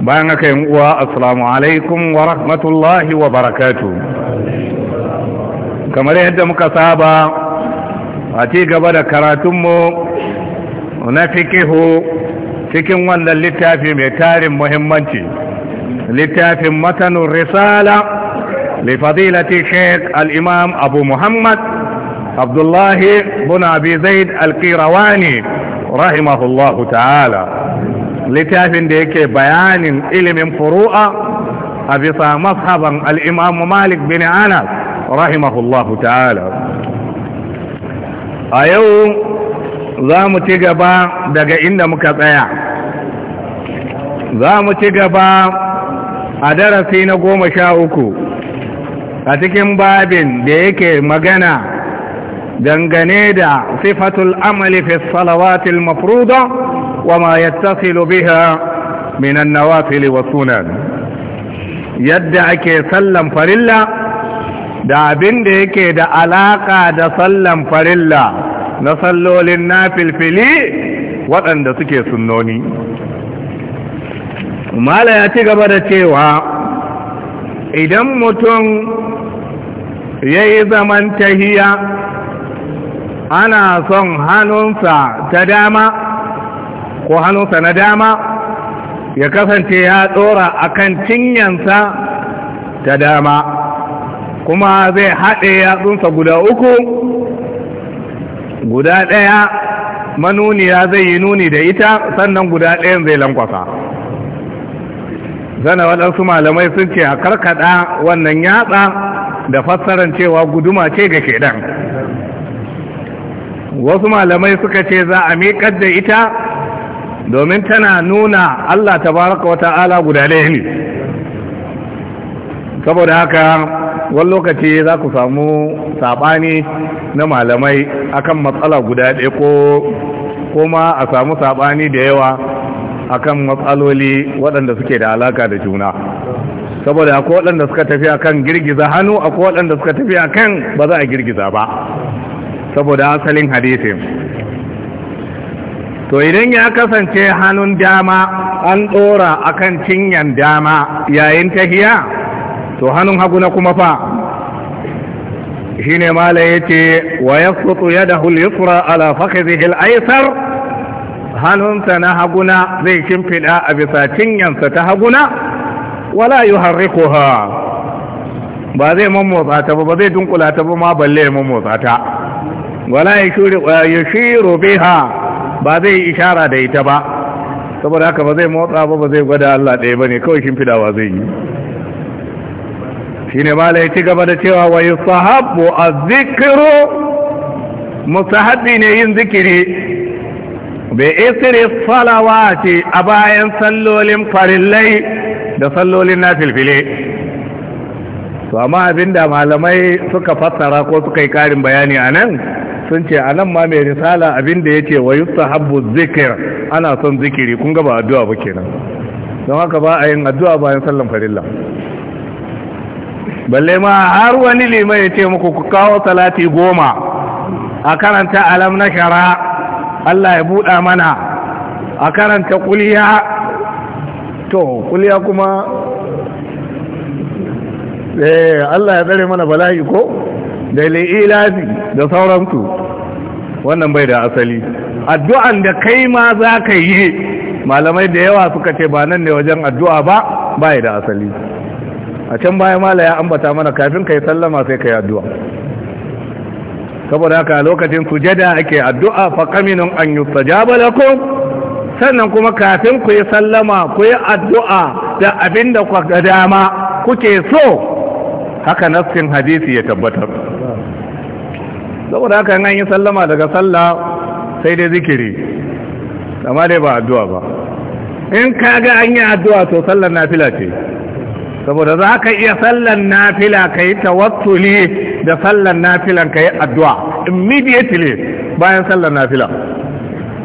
bayan aka yin uwa assalamu alaikum wa rahmatullahi wa barakatu kamar yadda muka saba a ci gaba da karatunmu na fikihu cikin wannan littafi mai tarin muhimmanci littafin matanin risala lifadilati sheik al'imam abu muhammad abdullahi bin abi zaid al-kirawani rahimahullahu ta'ala littafin da yake bayanin ilimin furu'a a bisa mazhaban al'imamu malik bin anas rahimahullahu ta'ala a yau za mu ci gaba daga inda muka tsaya za mu ci gaba a darasi na goma sha uku a cikin babin da yake magana dangane da sifatul amali fi salawatil mafruda وما يتصل بها من النوافل والسنن yadda ake sallan farilla da abin da yake da alaka da sallan farilla na sallolin na filfili waɗanda suke sunnoni mala ya ci gaba da cewa idan mutum ya yi zaman tahiya ana son hannunsa ta dama ko hannunsa na dama ya kasance ya tsora a kan cinyansa ta dama kuma zai haɗe yatsunsa guda uku guda ɗaya manuniya zai yi nuni da ita sannan guda ɗayan zai lankwasa zana waɗansu malamai sun ce a karkaɗa wannan yatsa da fassaran cewa guduma ce ga keɗan. wasu malamai suka ce za a miƙar da ita domin tana nuna Allah Ta baraka wa ta'ala guda ɗaya ne saboda haka wani lokaci za ku samu saɓani na malamai akan matsala guda ɗaya ko kuma a samu saɓani da yawa akan matsaloli waɗanda suke da alaka da juna saboda akwai waɗanda suka tafi akan girgiza hannu akwai waɗanda suka tafi akan ba za a girgiza ba saboda asalin hadisin to idan ya kasance hannun dama an ɗora akan cinyan dama yayin tahiya to hannun hagu na kuma fa shine mala yace wa yasutu yadahu al-yusra ala fakhidhihi al-aysar hannunsa na haguna zai shimfiɗa a bisa cinyansa ta haguna wala yuharrikuha ba zai mammotsa ta ba ba zai dunkula ta ba ma balle ya mammotsa ta wala yashiru biha ba zai yi ishara da ita ba saboda haka ba zai motsa ba ba zai gwada Allah ɗaya ba ne kawai shi fidawa zai yi shine ba la ci gaba da cewa wa a zikiro Musa haɗi ne yin zikiri Isiri falawa ce a bayan sallolin farillai da sallolin na filfile. to amma abinda malamai suka fassara ko suka yi karin bayani a nan sun ce a nan ma mai risala abinda ya ce wa yusta zikir ana son zikiri kun gaba addu'a ba kenan don haka ba a yin addu'a bayan sallan farilla balle ma har wani lima ya ce muku ku kawo salati goma a karanta alam na shara Allah ya buɗa mana a karanta kuliya to kuliya kuma eh Allah ya tsare mana bala'i ko da li'ilafi da sauransu wannan bai da asali addu'an da kai ma za ka yi malamai da yawa suka ce ba nan ne wajen addu'a ba bai da asali a can baya mala ya ambata mana kafin ka yi sallama sai ka yi addu'a saboda haka lokacin sujada ake addu'a fa qaminun an yustajaba lakum sannan kuma kafin ku yi sallama ku yi addu'a da abinda da ga dama kuke so haka nassin hadisi ya tabbatar saboda haka an sallama daga sallah sai dai zikiri amma dai ba addu'a ba in ka ga an yi addu'a to sallar nafila ce saboda za ka iya sallar nafila ka yi tawattuli da sallar nafilan ka yi addu'a immediately bayan sallar nafila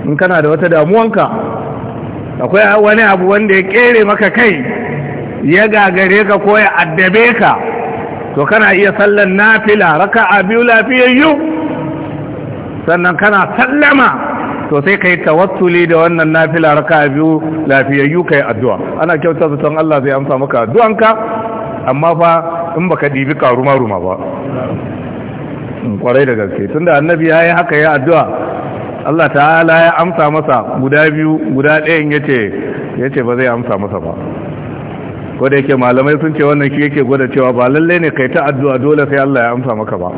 in kana da wata damuwanka akwai wani abu wanda ya kere maka kai ya gagare ka ko ya addabe ka to kana iya sallan nafila raka'a biyu lafiyayyu sannan kana sallama to sai kai tawattuli da wannan nafila raka'a biyu lafiyayyu kai addu'a ana kyauta zaton Allah zai amsa maka addu'anka amma fa in baka dibi karuma ruma ba kwarai da gaske tunda annabi yi haka ya addu'a Allah ta'ala ya amsa masa guda biyu guda ɗayan yace yace ba zai amsa masa ba ko da yake malamai sun ce wannan shi yake gwada cewa ba lalle ne kai ta addu'a dole sai Allah ya amsa maka ba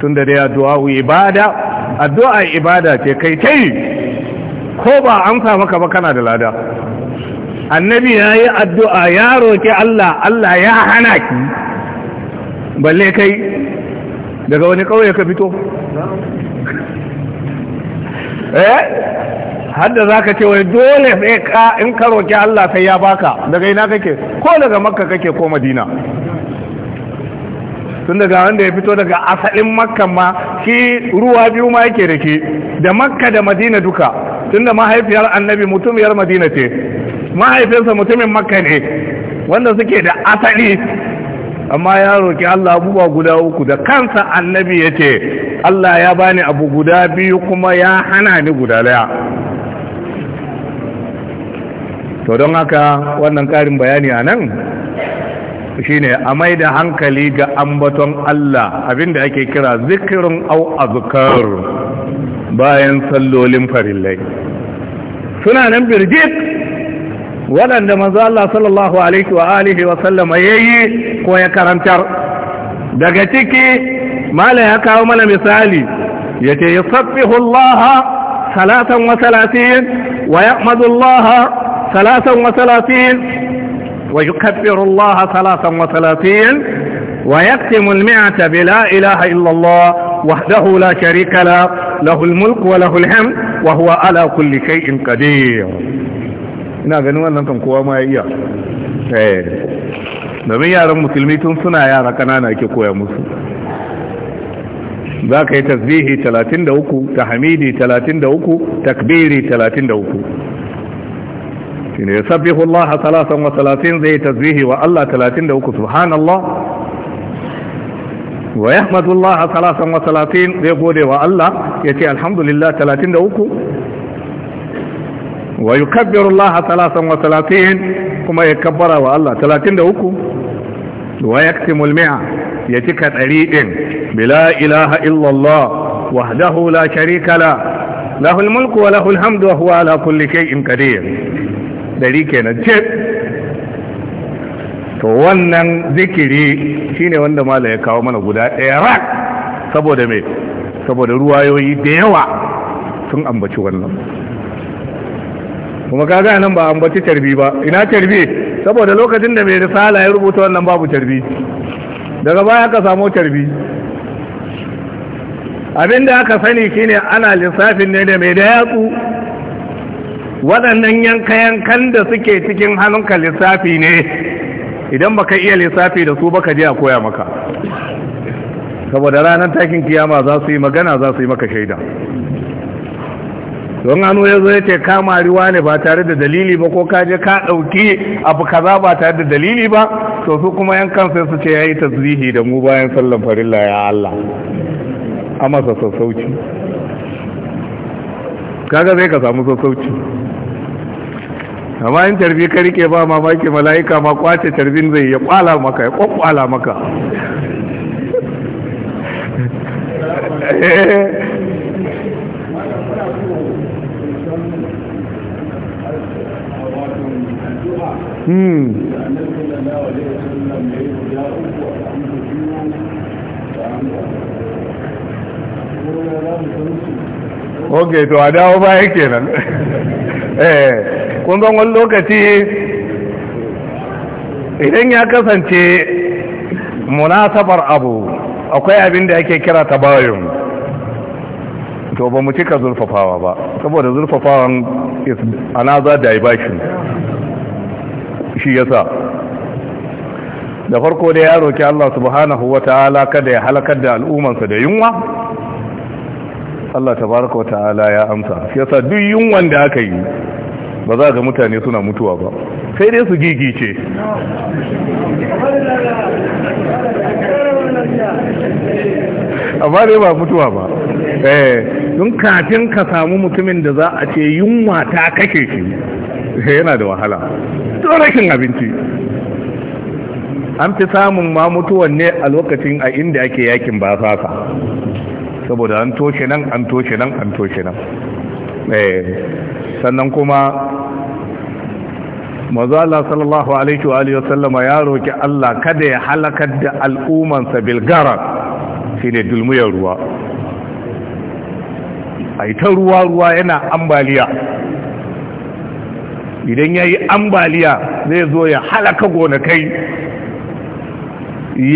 tunda dai addu'a ibada addu'a ibada ce kai tai ko ba amsa maka ba kana da lada annabi ya yi addu'a ya roki Allah Allah ya hana ki balle kai daga wani kauye ka fito eh hadda za ka ce wai dole sai ka in ka roƙi Allah sai ya baka daga ina kake ko daga makka kake ko madina tun daga wanda ya fito daga asalin makka ma shi ruwa biyu ma yake da ke da makka da madina duka tun da mahaifiyar annabi mutumiyar madina ce mahaifinsa mutumin makka ne wanda suke da asali amma ya roƙi Allah abubuwa guda uku da kansa annabi ya ce Allah ya bani abu guda biyu kuma ya hana ni guda daya to don haka wannan ƙarin bayani a nan shine a mai da hankali ga ambaton Allah abinda ake kira zikirin au bayan sallolin farillai suna nan Birgit waɗanda manzo Allah sallallahu alaihi wa alihi wa sallama yayi ko ya karantar daga ciki mala ya kawo mana misali yace yusabbihu Allah salatan wa salatin wa yahmadu Allah ثلاثا وثلاثين ويكبر الله ثلاثا وثلاثين ويختم المئة بلا إله إلا الله وحده لا شريك له له الملك وله الحمد وهو على كل شيء قدير إنا قنوان لنكم قواما إياه نبي يا رب مسلميتون سنا يا ركنانا كي قوى مسلم ذاك تسبيحي ثلاثين دوكو تحميدي ثلاثين دوكو تكبيري ثلاثين دوكو shine yusabbihu Allah 33 zai tasbihi wa Allah 33 subhanallah wa yahmadu Allah 33 zai gode wa Allah yace alhamdulillah 33 wa yukabbiru Allah 33 kuma ya kabbara wa Allah 33 wa yaktimu al-mi'a ya cika 100 din bila ilaha illa Allah wahdahu la sharika la lahu al-mulku wa lahu al-hamdu wa huwa ala kulli shay'in qadir ɗari kenan ce to wannan zikiri shine wanda mala ya kawo mana guda ɗaya rak saboda mai saboda ruwayoyi da yawa sun ambaci wannan kuma kaga nan ba ambaci tarbi ba ina tarbi saboda lokacin da mai risala ya rubuta wannan babu tarbi daga baya ka samu tarbi abinda aka sani shine ana lissafin ne da mai da yatsu waɗannan yanka-yankan da suke cikin hannunka lissafi ne idan baka iya lissafi da su baka je a koya maka saboda ranar takin kiyama za su yi magana za su yi maka shaida don hannu ya zo ya ce kama riwa ne ba tare da dalili ba ko kaje ka ɗauki abu kaza ba tare da dalili ba to su kuma yankan sai su ce ya yi tasirihi da mu bayan sallan farilla ya Allah a masa sassauci kaga zai ka samu sassauci amma in tarbi ka rike ba mamaki mala'ika ma kwace tarbin zai ya kwala maka ya kwakwala maka hmm. ok to a dawo yake nan. eh kun zan wani lokaci idan ya kasance munasabar abu akwai abin da ake kira ta bayan to ba mu cika zurfafawa ba saboda zurfafawan is another diversion shi yasa da farko da ya roki Allah subhanahu wata'ala kada ya halakar da al'ummansa da yunwa Allah tabaraka wata'ala ya amsa shi yasa duk yunwan da aka yi ba za ga mutane suna mutuwa ba sai dai su gigice amma dai ba mutuwa ba don eh, kafin ka samu mutumin da za a ce yunwa ta kashe shi eh, yana da wahala don rashin abinci an fi samun ma mutuwan ne a lokacin a inda ake yakin ba fasa saboda an toshe nan an toshe nan an toshe nan eh, sannan kuma mazu Allah sallallahu alaihi wa sallama ya roƙi Allah kada ya halakar da al’umansa bilgara shi ne dulmuyar ruwa a ta ruwa-ruwa yana ambaliya idan ya yi ambaliya zai zo ya halaka gonakai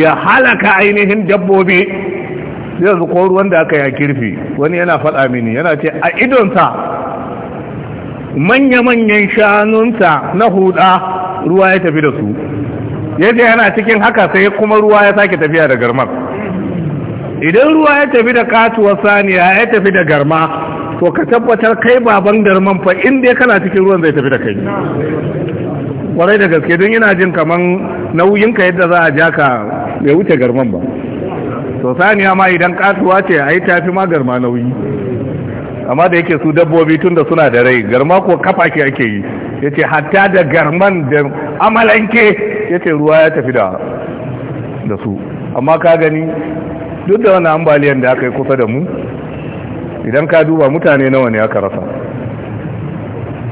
ya halaka ainihin dabbobi zai zuko ruwan da aka ya kirfi wani yana faɗa mini yana ce a idonsa manya-manyan shanunsa na huda ruwa ya tafi da su yace yana cikin haka sai kuma ruwa ya sake tafiya da garma idan ruwa ya tafi da katuwar saniya ya tafi da garma to ka tabbatar kai baban garman fa inda ya kana cikin ruwan zai tafi da kai kwarai da gaske don yana jin kaman nauyinka yadda za a ja ka ya wuce garman ba to saniya ma idan katuwa ce a yi tafi ma garma nauyi amma da yake su dabbobi tun da suna da rai garma ko kafa ke ake yi ya ce hatta da garman da amalanke ya ce ruwa ya tafi da su amma ka gani duk da wani ambaliyan da aka yi kusa da mu idan ka duba mutane nawa ne aka rasa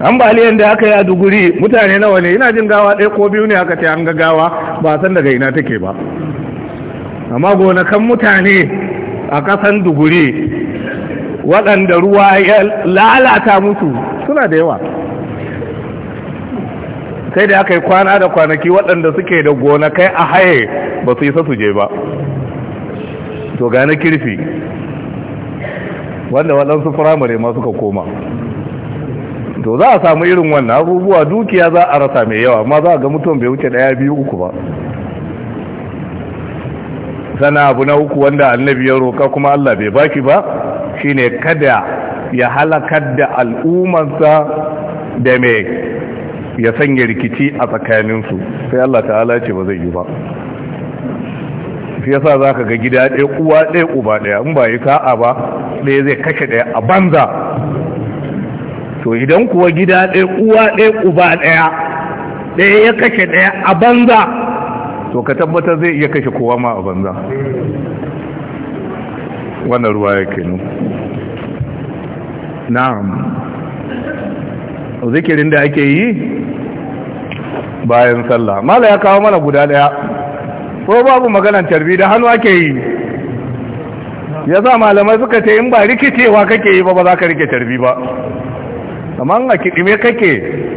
ambaliyan da aka yi a duguri mutane nawa ne ina jin gawa ɗaya ko biyu ne aka ce an ga gawa ba san daga ina take ba amma gonakan mutane a kasan duguri waɗanda ruwa ya lalata musu suna da yawa sai da aka yi kwana da kwanaki waɗanda suke da gonakai a haye ba su yi sa suje ba to gane kirfi wanda waɗansu firamare ma suka koma to za a samu irin wannan abubuwa dukiya za a rasa mai yawa amma za a ga mutum bai wuce ɗaya biyu uku ba sana abu na uku wanda annabi ya roƙa kuma Allah bai baki ba shine kada ya halakar da al'ummarsa da mai ya sanya rikici a tsakaninsu sai Allah ta'ala ce ba zai yi ba yasa za ka ga gida ɗaya uwa ɗaya uba ɗaya in ba yi sa'a ba ɗaya zai kashe ɗaya a banza to idan kuwa gida ɗaya uwa ɗaya uba ɗaya ɗaya ya kashe ɗaya a banza to ka tabbatar zai iya kashe kowa ma a banza wannan ruwa ya nuna na'am zikirin da ake yi bayan sallah mala ya kawo mana guda daya ko babu maganan tarbi da hannu ake yi ya sa malamai suka ce in ba rikicewa kake yi ba ba za ka rike tarbi ba amma a kiɗime kake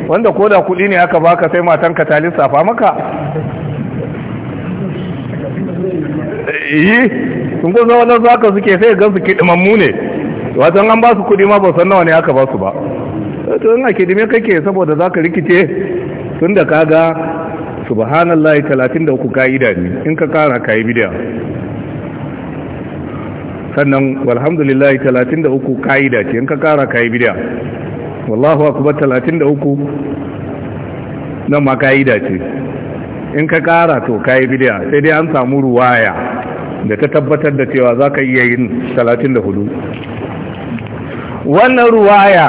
wanda ko da kuɗi ne aka baka sai matan ka talin safa maka yi eh, sun kusa wadanda za ka suke sai gan su kiɗimammu ne wajen an ba su kudi ma ba san nawa ne aka ba su ba to ina kidime kake saboda zaka rikice tun da kaga subhanallah 33 kaida ne in ka kara kai bidiya sannan walhamdulillah 33 kaida ce in ka kara kai bidiya wallahu akbar 33 nan ma kaida ce in ka kara to kai bidiya sai dai an samu ruwaya da ta tabbatar da cewa za ka iya yin 34 wannan ruwaya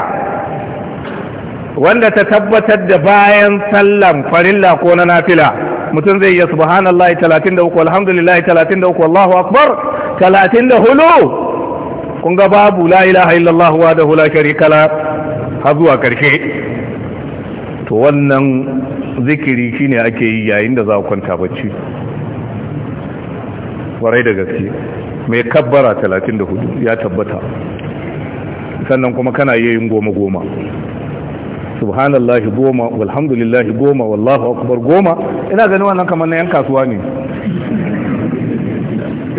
wanda ta tabbatar da bayan sallan farilla ko na nafila mutum zai yi subhanallah 33 alhamdulillahi 33 Allahu akbar hulu kun ga babu la ilaha illallah wa da hula sharika la ha zuwa karshe to wannan zikiri shine ake yi yayin da za ku kwanta bacci warai da gaske mai kabbara 34 ya tabbata sannan kuma kana yayin goma goma subhanallahi goma walhamdulillah goma wallahu akbar goma ina ganin wannan kamar na yan kasuwa ne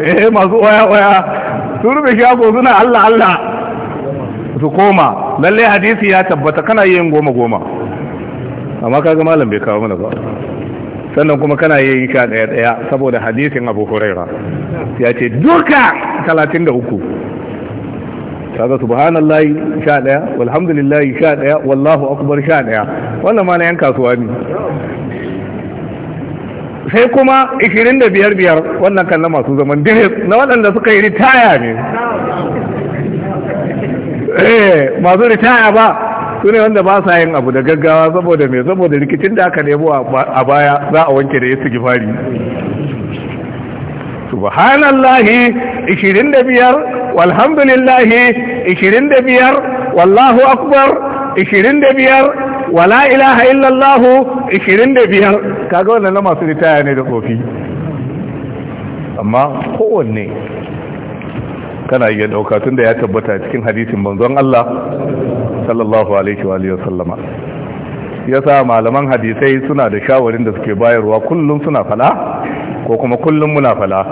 eh masu waya waya sun rufe shago suna Allah Allah su koma lalle hadisi ya tabbata kana yin goma goma amma kaga malam bai kawo mana ba sannan kuma kana yin sha daya daya saboda hadisin Abu Huraira ya ce duka 33 kaga subhanallahi sha daya walhamdulillahi sha daya wallahu akbar sha daya wannan ma na yan kasuwa ne sai kuma 25 biyar wannan kan na masu zaman dire na waɗanda suka yi ritaya ne eh masu ritaya ba su ne wanda ba sa yin abu da gaggawa saboda mai saboda rikicin da aka nemo a baya za a wanke da yasu gifari subhanallahi 25 walhamdulillahi biyar. wallahu akbar 25 wala ilaha illallahu 25 kaga wannan na masu ritaya ne da kofi? amma kowanne kana iya dauka da ya tabbata cikin hadisin manzon Allah sallallahu alaihi wa sallama yasa malaman hadisai suna da shawarin da suke bayarwa kullum suna fala ko kuma kullum muna fala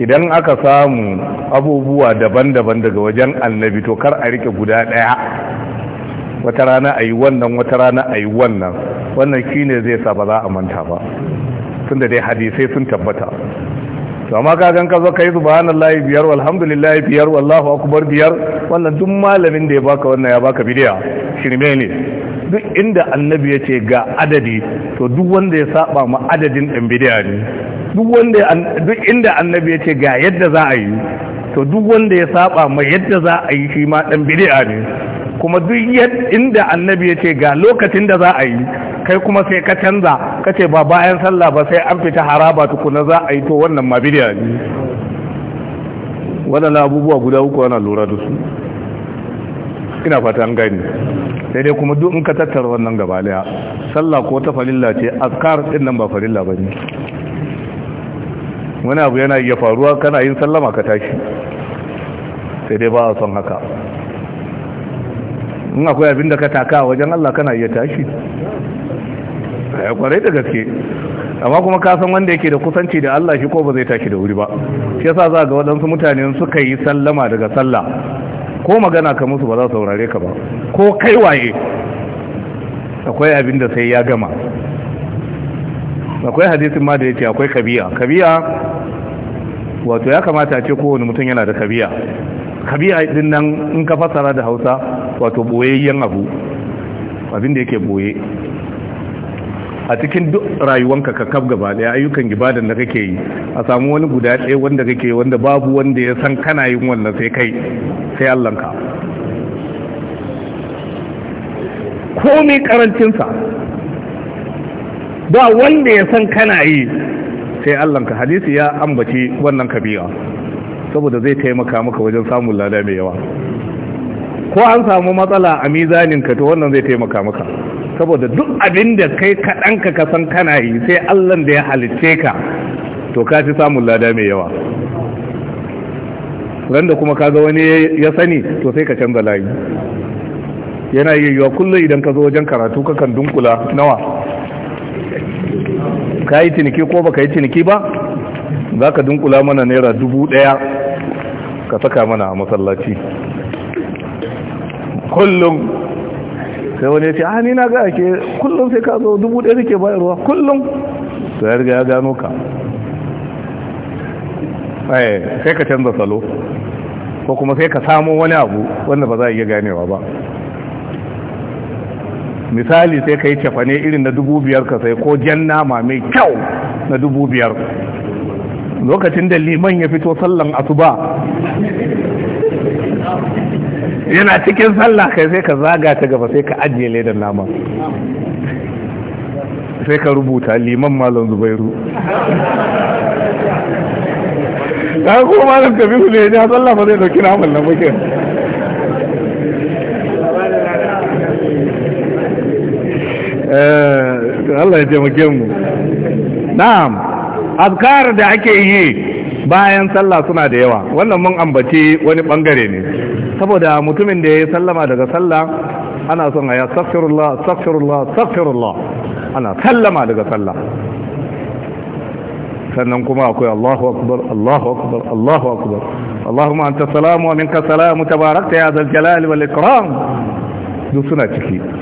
idan aka samu abubuwa daban-daban daga wajen annabi to kar a rike guda daya wata rana a yi wannan wata rana a yi wannan wannan ne zai sa ba za a manta ba tun da dai hadisai sun tabbata to amma ka gan ka zo kai subhanallahi biyar walhamdulillahi biyar wallahu akbar biyar wannan duk malamin da ya baka wannan ya baka bidiya shirme ne duk inda annabi ya ce ga adadi to duk wanda ya saba ma adadin dan bidiya ne duk wanda duk inda annabi ya ce ga yadda za a yi to duk wanda ya saba mai yadda za a yi shi ma dan bid'a ne kuma duk inda annabi ya ce ga lokacin da za a yi kai kuma sai ka canza ka ce ba bayan sallah ba sai an fita haraba tukuna za a yi to wannan ma bid'a ne Wadannan abubuwa guda uku ana lura da su ina fata an gani sai dai kuma duk in ka tattara wannan gaba daya sallah ko ta farilla ce azkar din nan ba farilla bane wani abu yana iya faruwa kana yin sallama ka tashi sai dai ba a son haka in akwai abin da ka taka a wajen Allah kana iya tashi ya eh, kwarai da gaske amma kuma ka san wanda yake da kusanci da Allah shi ko ba zai tashi da wuri ba shi yasa za ga waɗansu mutane suka yi sallama daga sallah ko magana ka musu ba za su saurare ka ba ko kai waye akwai abin da sai ya gama akwai hadisin ma da yake akwai kabiya kabiya wato ya kamata a ce kowane mutum yana da kabiya kabiya din nan in ka fasara da hausa wato boyayyen abu abinda yake boye a cikin duk rayuwanka ka kaf gaba daya ayyukan gibadan da kake yi a samu wani guda ɗaya wanda kake wanda babu wanda ya san kana yin wannan sai kai sai Ko komai karancinsa ba wanda ya san kana yi sai ka hadisi ya ambaci wannan kabira saboda zai taimaka maka wajen samun lada mai yawa ko an samu matsala a mizaninka to wannan zai taimaka maka saboda duk abin da kai kaɗanka ka san kana yi sai allah da ya halicce ka to ka ci samun lada mai yawa da kuma ka ga wani ya sani to sai ka canza layi yana yiwuwa kullum idan ka zo wajen karatu kakan dunkula nawa ka yi ciniki ko baka yi ciniki ba za ka dunkula mana naira dubu ɗaya ka saka mana a masallaci kullum sai wani ya ce a ah, ni na ga ake kullum sai ka zo dubu ɗaya ke bayarwa kullum to ya riga ya gano ka eh, sai ka canza salo ko kuma sai ka samo wani abu wanda ba za a iya ganewa ba misali sai ka yi cefane irin na dubu biyar ka sai ko jan nama mai kyau na dubu biyar lokacin da liman ya fito sallan asuba yana cikin sallah kai sai ka zaga ta gaba sai ka ajiye ledan nama sai ka rubuta liman malam zubairu ta kuma tafi kabiru ne ya sallah ba zai dauki naman na bakin Eh, Allah ya taimake mu na'am azkar da ake yi bayan sallah suna da yawa wannan mun ambaci wani bangare ne saboda mutumin da ya sallama daga sallah ana son ya astaghfirullah astaghfirullah astaghfirullah ana sallama daga sallah sannan kuma akwai Allahu akbar Allahu akbar Allahu akbar Allahumma anta salamu wa minka salamu tabarakta ya zal jalali wal ikram duk suna ciki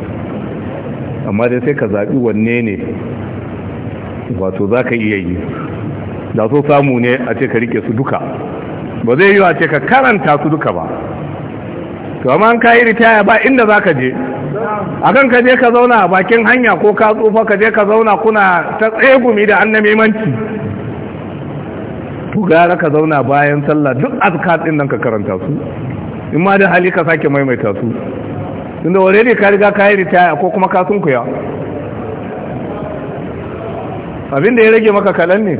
amma dai sai ka zaɓi wanne ne wato za ka iya yi da so samu ne a ce ka rike su duka ba zai yi a ce ka karanta su duka ba to amma an ka yi ritaya ba inda za ka je akan ka je ka zauna a bakin hanya ko ka tsufa ka je ka zauna kuna ta tsegumi da annan memanci to gara ka zauna bayan sallah duk azkar din nan ka karanta su in ma da hali ka sake maimaita su tunda already ka riga ka yi ritaya ko kuma ka sunkuya abin da ya rage maka kalan ne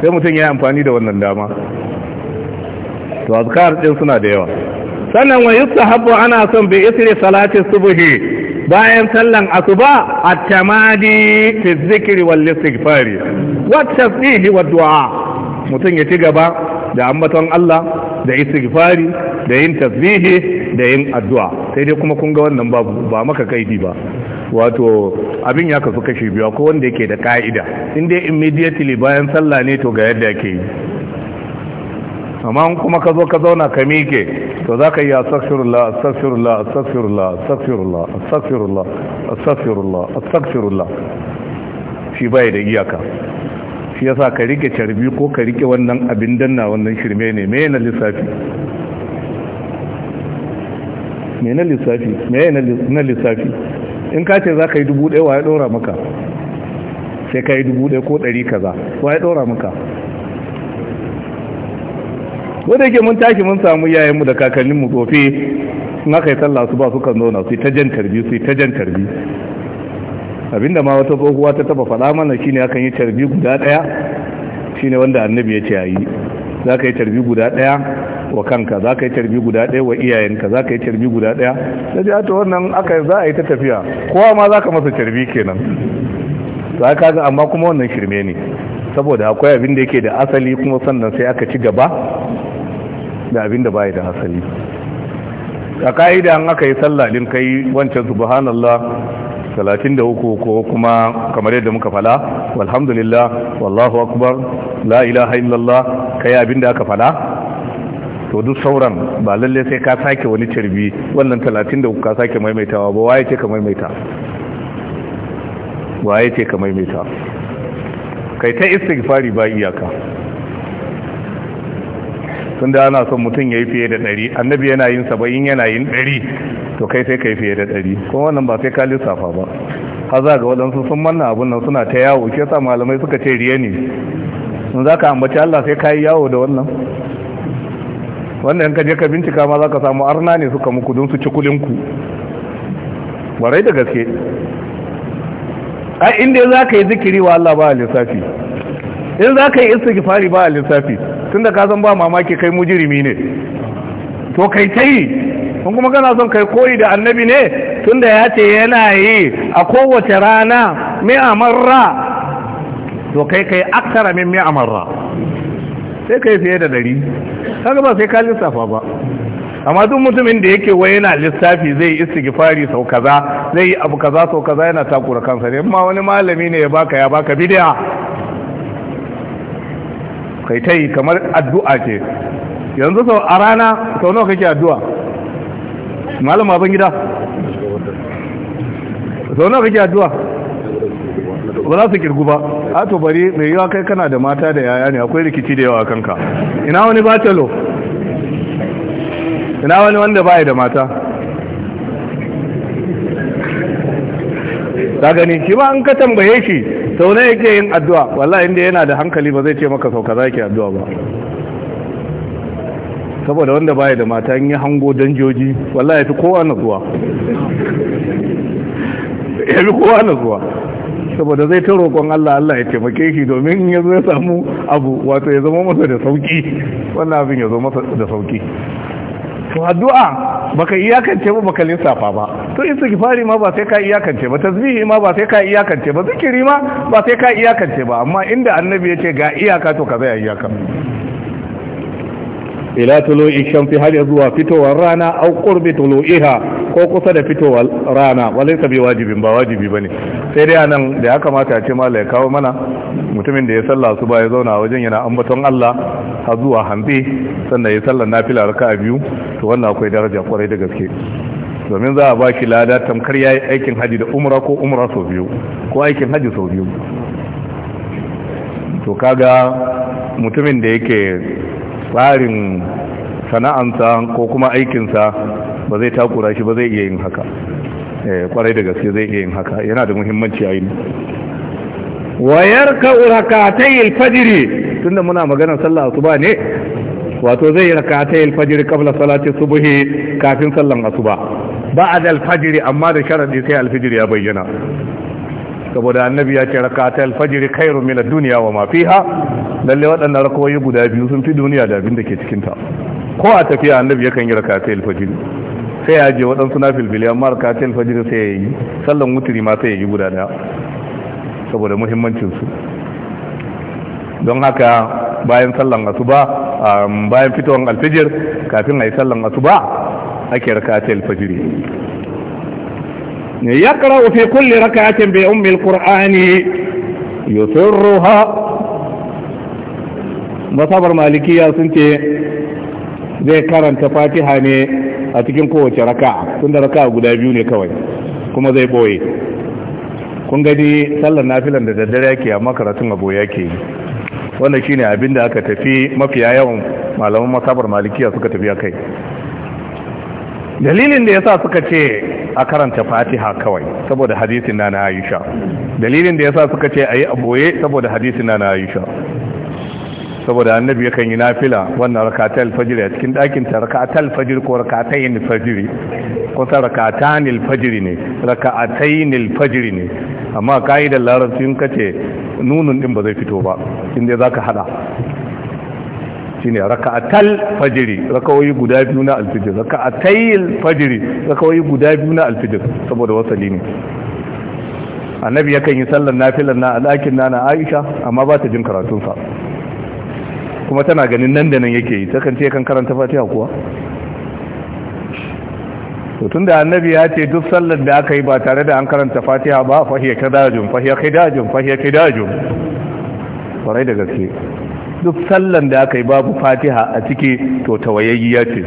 sai mutum ya yi amfani da wannan dama to azkar ɗin suna da yawa sannan wa yusahabu ana son bi isri salatin subuhi bayan sallan asuba a tamadi fi dhikri wal istighfari wata tasbih wa du'a mutum ya ci gaba da ambaton Allah da istighfari da yin tasbihi da yin addu'a sai dai kuma kun ga wannan babu ba maka kaidi ba wato abin ya kasu kashi biyu ko wanda yake da ka'ida in dai immediately bayan sallah ne to ga yadda yake yi amma kuma ka zo ka zauna ka mike to za ka yi astaghfirullah astaghfirullah astaghfirullah astaghfirullah astaghfirullah astaghfirullah astaghfirullah shi bai da iyaka shi yasa ka rike carbi ko ka rike wannan abin danna wannan shirme ne me na lissafi Mai na lissafi me na lissafi in ka ce za ka yi dubu ɗaya wa ya ɗora maka sai ka yi dubu ɗaya ko ɗari kaza wa ya ɗora maka wadda yake mun tashi mun samu yayanmu da kakanninmu tsofi in aka yi sallah su ba su kan zauna su ta jan tarbi su ta jan tarbi abinda ma wata tsohuwa ta taba faɗa mana shine akan yi tarbi guda ɗaya shine wanda annabi ya ce a yi za ka yi tarbi guda ɗaya wa kanka za ka yi tarbi guda ɗaya wa iyayenka za ka yi tarbi guda ɗaya da ji ato ah, wannan aka za a yi ta tafiya kowa ma za ka masa tarbi kenan za ka ga amma kuma wannan shirme ne saboda akwai abin da yake da asali kuma sannan sai aka ci gaba da abin da bai da asali a ka'ida an aka yi sallah din kai wancan subhanallah talatin da uku ko kuma kamar yadda muka fala walhamdulillah wallahu akbar la ilaha illallah kai da aka fala to duk sauran ba lalle sai ka sake wani carbi wannan talatin da ka sake maimaitawa ba waye ce ka maimaita waye ce ka maimaita kai ta istighfari ba iyaka tun da ana son mutum ya yi fiye da ɗari annabi yana yin saba'in yana yin ɗari to kai sai ka yi fiye da ɗari kuma wannan ba sai ka lissafa ba haza ga waɗansu sun manna abun nan suna ta yawo shi sa malamai suka ce riya ne in za ka ambaci Allah sai ka yi yawo da wannan wanda in ka je ka bincika ma za ka samu arna ne suka muku don su ci kulinku barai da gaske Ai inda za ka yi zikiri wa Allah ba a lissafi in za ka yi istighfari ba a lissafi tun da ka san ba mamaki kai mujirimi ne to kai ta yi kun kuma kana son kai koyi da annabi ne tun da ya ce yana yi a kowace rana mai amarra to kai kai aksara min mai amarra sai ka yi fiye da ɗari kaga ba sai ka lissafa ba amma duk mutumin da yake wai yana lissafi zai yi istighfari sau kaza zai yi abu kaza sau kaza yana takura kansa ne amma wani malami ne ya baka ya baka bid'a kai tai kamar addu'a ce yanzu sau a rana sau nawa kake addu'a malama ban gida sau nawa kake addu'a ba za su kirgu ba a to bari mai yiwa kai kana da mata da yaya ne akwai rikici da yawa kanka ina wani batalo ina wani wanda baya da mata da gani shi ba an ka tambaye shi sau na yake yin addu'a wallahi inda yana da hankali ba zai ce maka sauka za ki addu'a ba saboda wanda baya da mata yi hango danjoji wallahi fi kowa na zuwa ya fi kowa na zuwa saboda zai ta roƙon Allah Allah ya taimake shi domin ya zo ya samu abu wato ya zama masa da sauki wannan abin ya zo masa da sauki to addu'a baka iyakance ba baka lissafa ba to istighfari ma ba sai ka iyakance ba tasbihi ma ba sai ka iyakance ba zikiri ma ba sai ka iyakance ba amma inda annabi ya ce ga iyaka to ka zai iyaka ila tulu'i shamsi har zuwa fitowar rana au qurbi tulu'iha ko kusa da fitowar rana walaysa bi wajibin ba wajibi bane sai dai anan da ya kamata a ce ya kawo mana mutumin da ya salla su ba ya zauna wajen yana ambaton Allah har zuwa hanbi sannan ya sallar nafila raka'a biyu to wannan akwai daraja kwarai da gaske domin za a baki lada tamkar yayi aikin haji da umra ko umra sau biyu ko aikin haji sau biyu to kaga mutumin da yake tsarin sana'ansa ko kuma aikinsa ba zai takura shi ba zai iya yin haka eh, kwarai da gaske zai iya yin haka yana da muhimmanci a yi wayar ka Fajiri alfajiri tunda muna maganar sallah asuba ne wato zai yi rakatai alfajiri kabla salati subhi kafin sallan asuba Ba a da alfajiri amma da sharaɗi sai alfajiri ya bayyana saboda annabi ya ce rakatai alfajiri kairu mila duniya wa mafiha lalle waɗannan rakawoyi guda biyu sun fi duniya da abin da ke cikinta ko a tafiya annabi yakan yi rakatai alfajiri sai ya je waɗansu na filfili amma rakatai alfajiri sai ya yi sallan wuturi ma sai ya yi guda ɗaya saboda muhimmancinsu don haka bayan sallan asuba bayan fitowar alfijir kafin a yi sallan asuba ake rakatai alfajiri ya kara fi kulli rakatin bai ummi alqur'ani yusurruha masabar malikiya sun ce zai karanta fatiha ne a cikin kowace raka'a tun da raka'a guda biyu ne kawai kuma zai boye kun gani sallar nafilan da daddare yake a makaratun abu yake yi shi shine abin da aka tafi mafiya yawan malaman masabar malikiya suka tafi kai. dalilin da yasa suka ce a karanta fatiha kawai saboda hadisin na na aisha dalilin da yasa suka ce a a aboye saboda hadisin na na aisha saboda annabi yakan yi nafila wannan rakatal alfajiri a cikin dakin ta rakatal alfajiri ko yin alfajiri ko ta rakatanil alfajiri ne rakataynil alfajiri ne amma kaidar larabci in kace nunun din ba zai fito ba inda zaka hada ne rakata fajiri rakawoyi guda biyu na alfijir raka'atayil fajiri rakawoyi guda biyu na alfijir saboda wasali ne annabi yakan yi sallar nafilar na a ɗakin nana aisha amma ba ta jin karatunsa kuma tana ganin nan da nan yake yi takan ce kan karanta fatiha kuwa to da annabi ya ce duk sallar da aka yi ba tare da an karanta fatiha ba fahiya kidajun fahiya kidajun fahiya kidajun kwarai da gaske duk sallan da aka yi babu fatiha a ciki to tawayayyi ya ce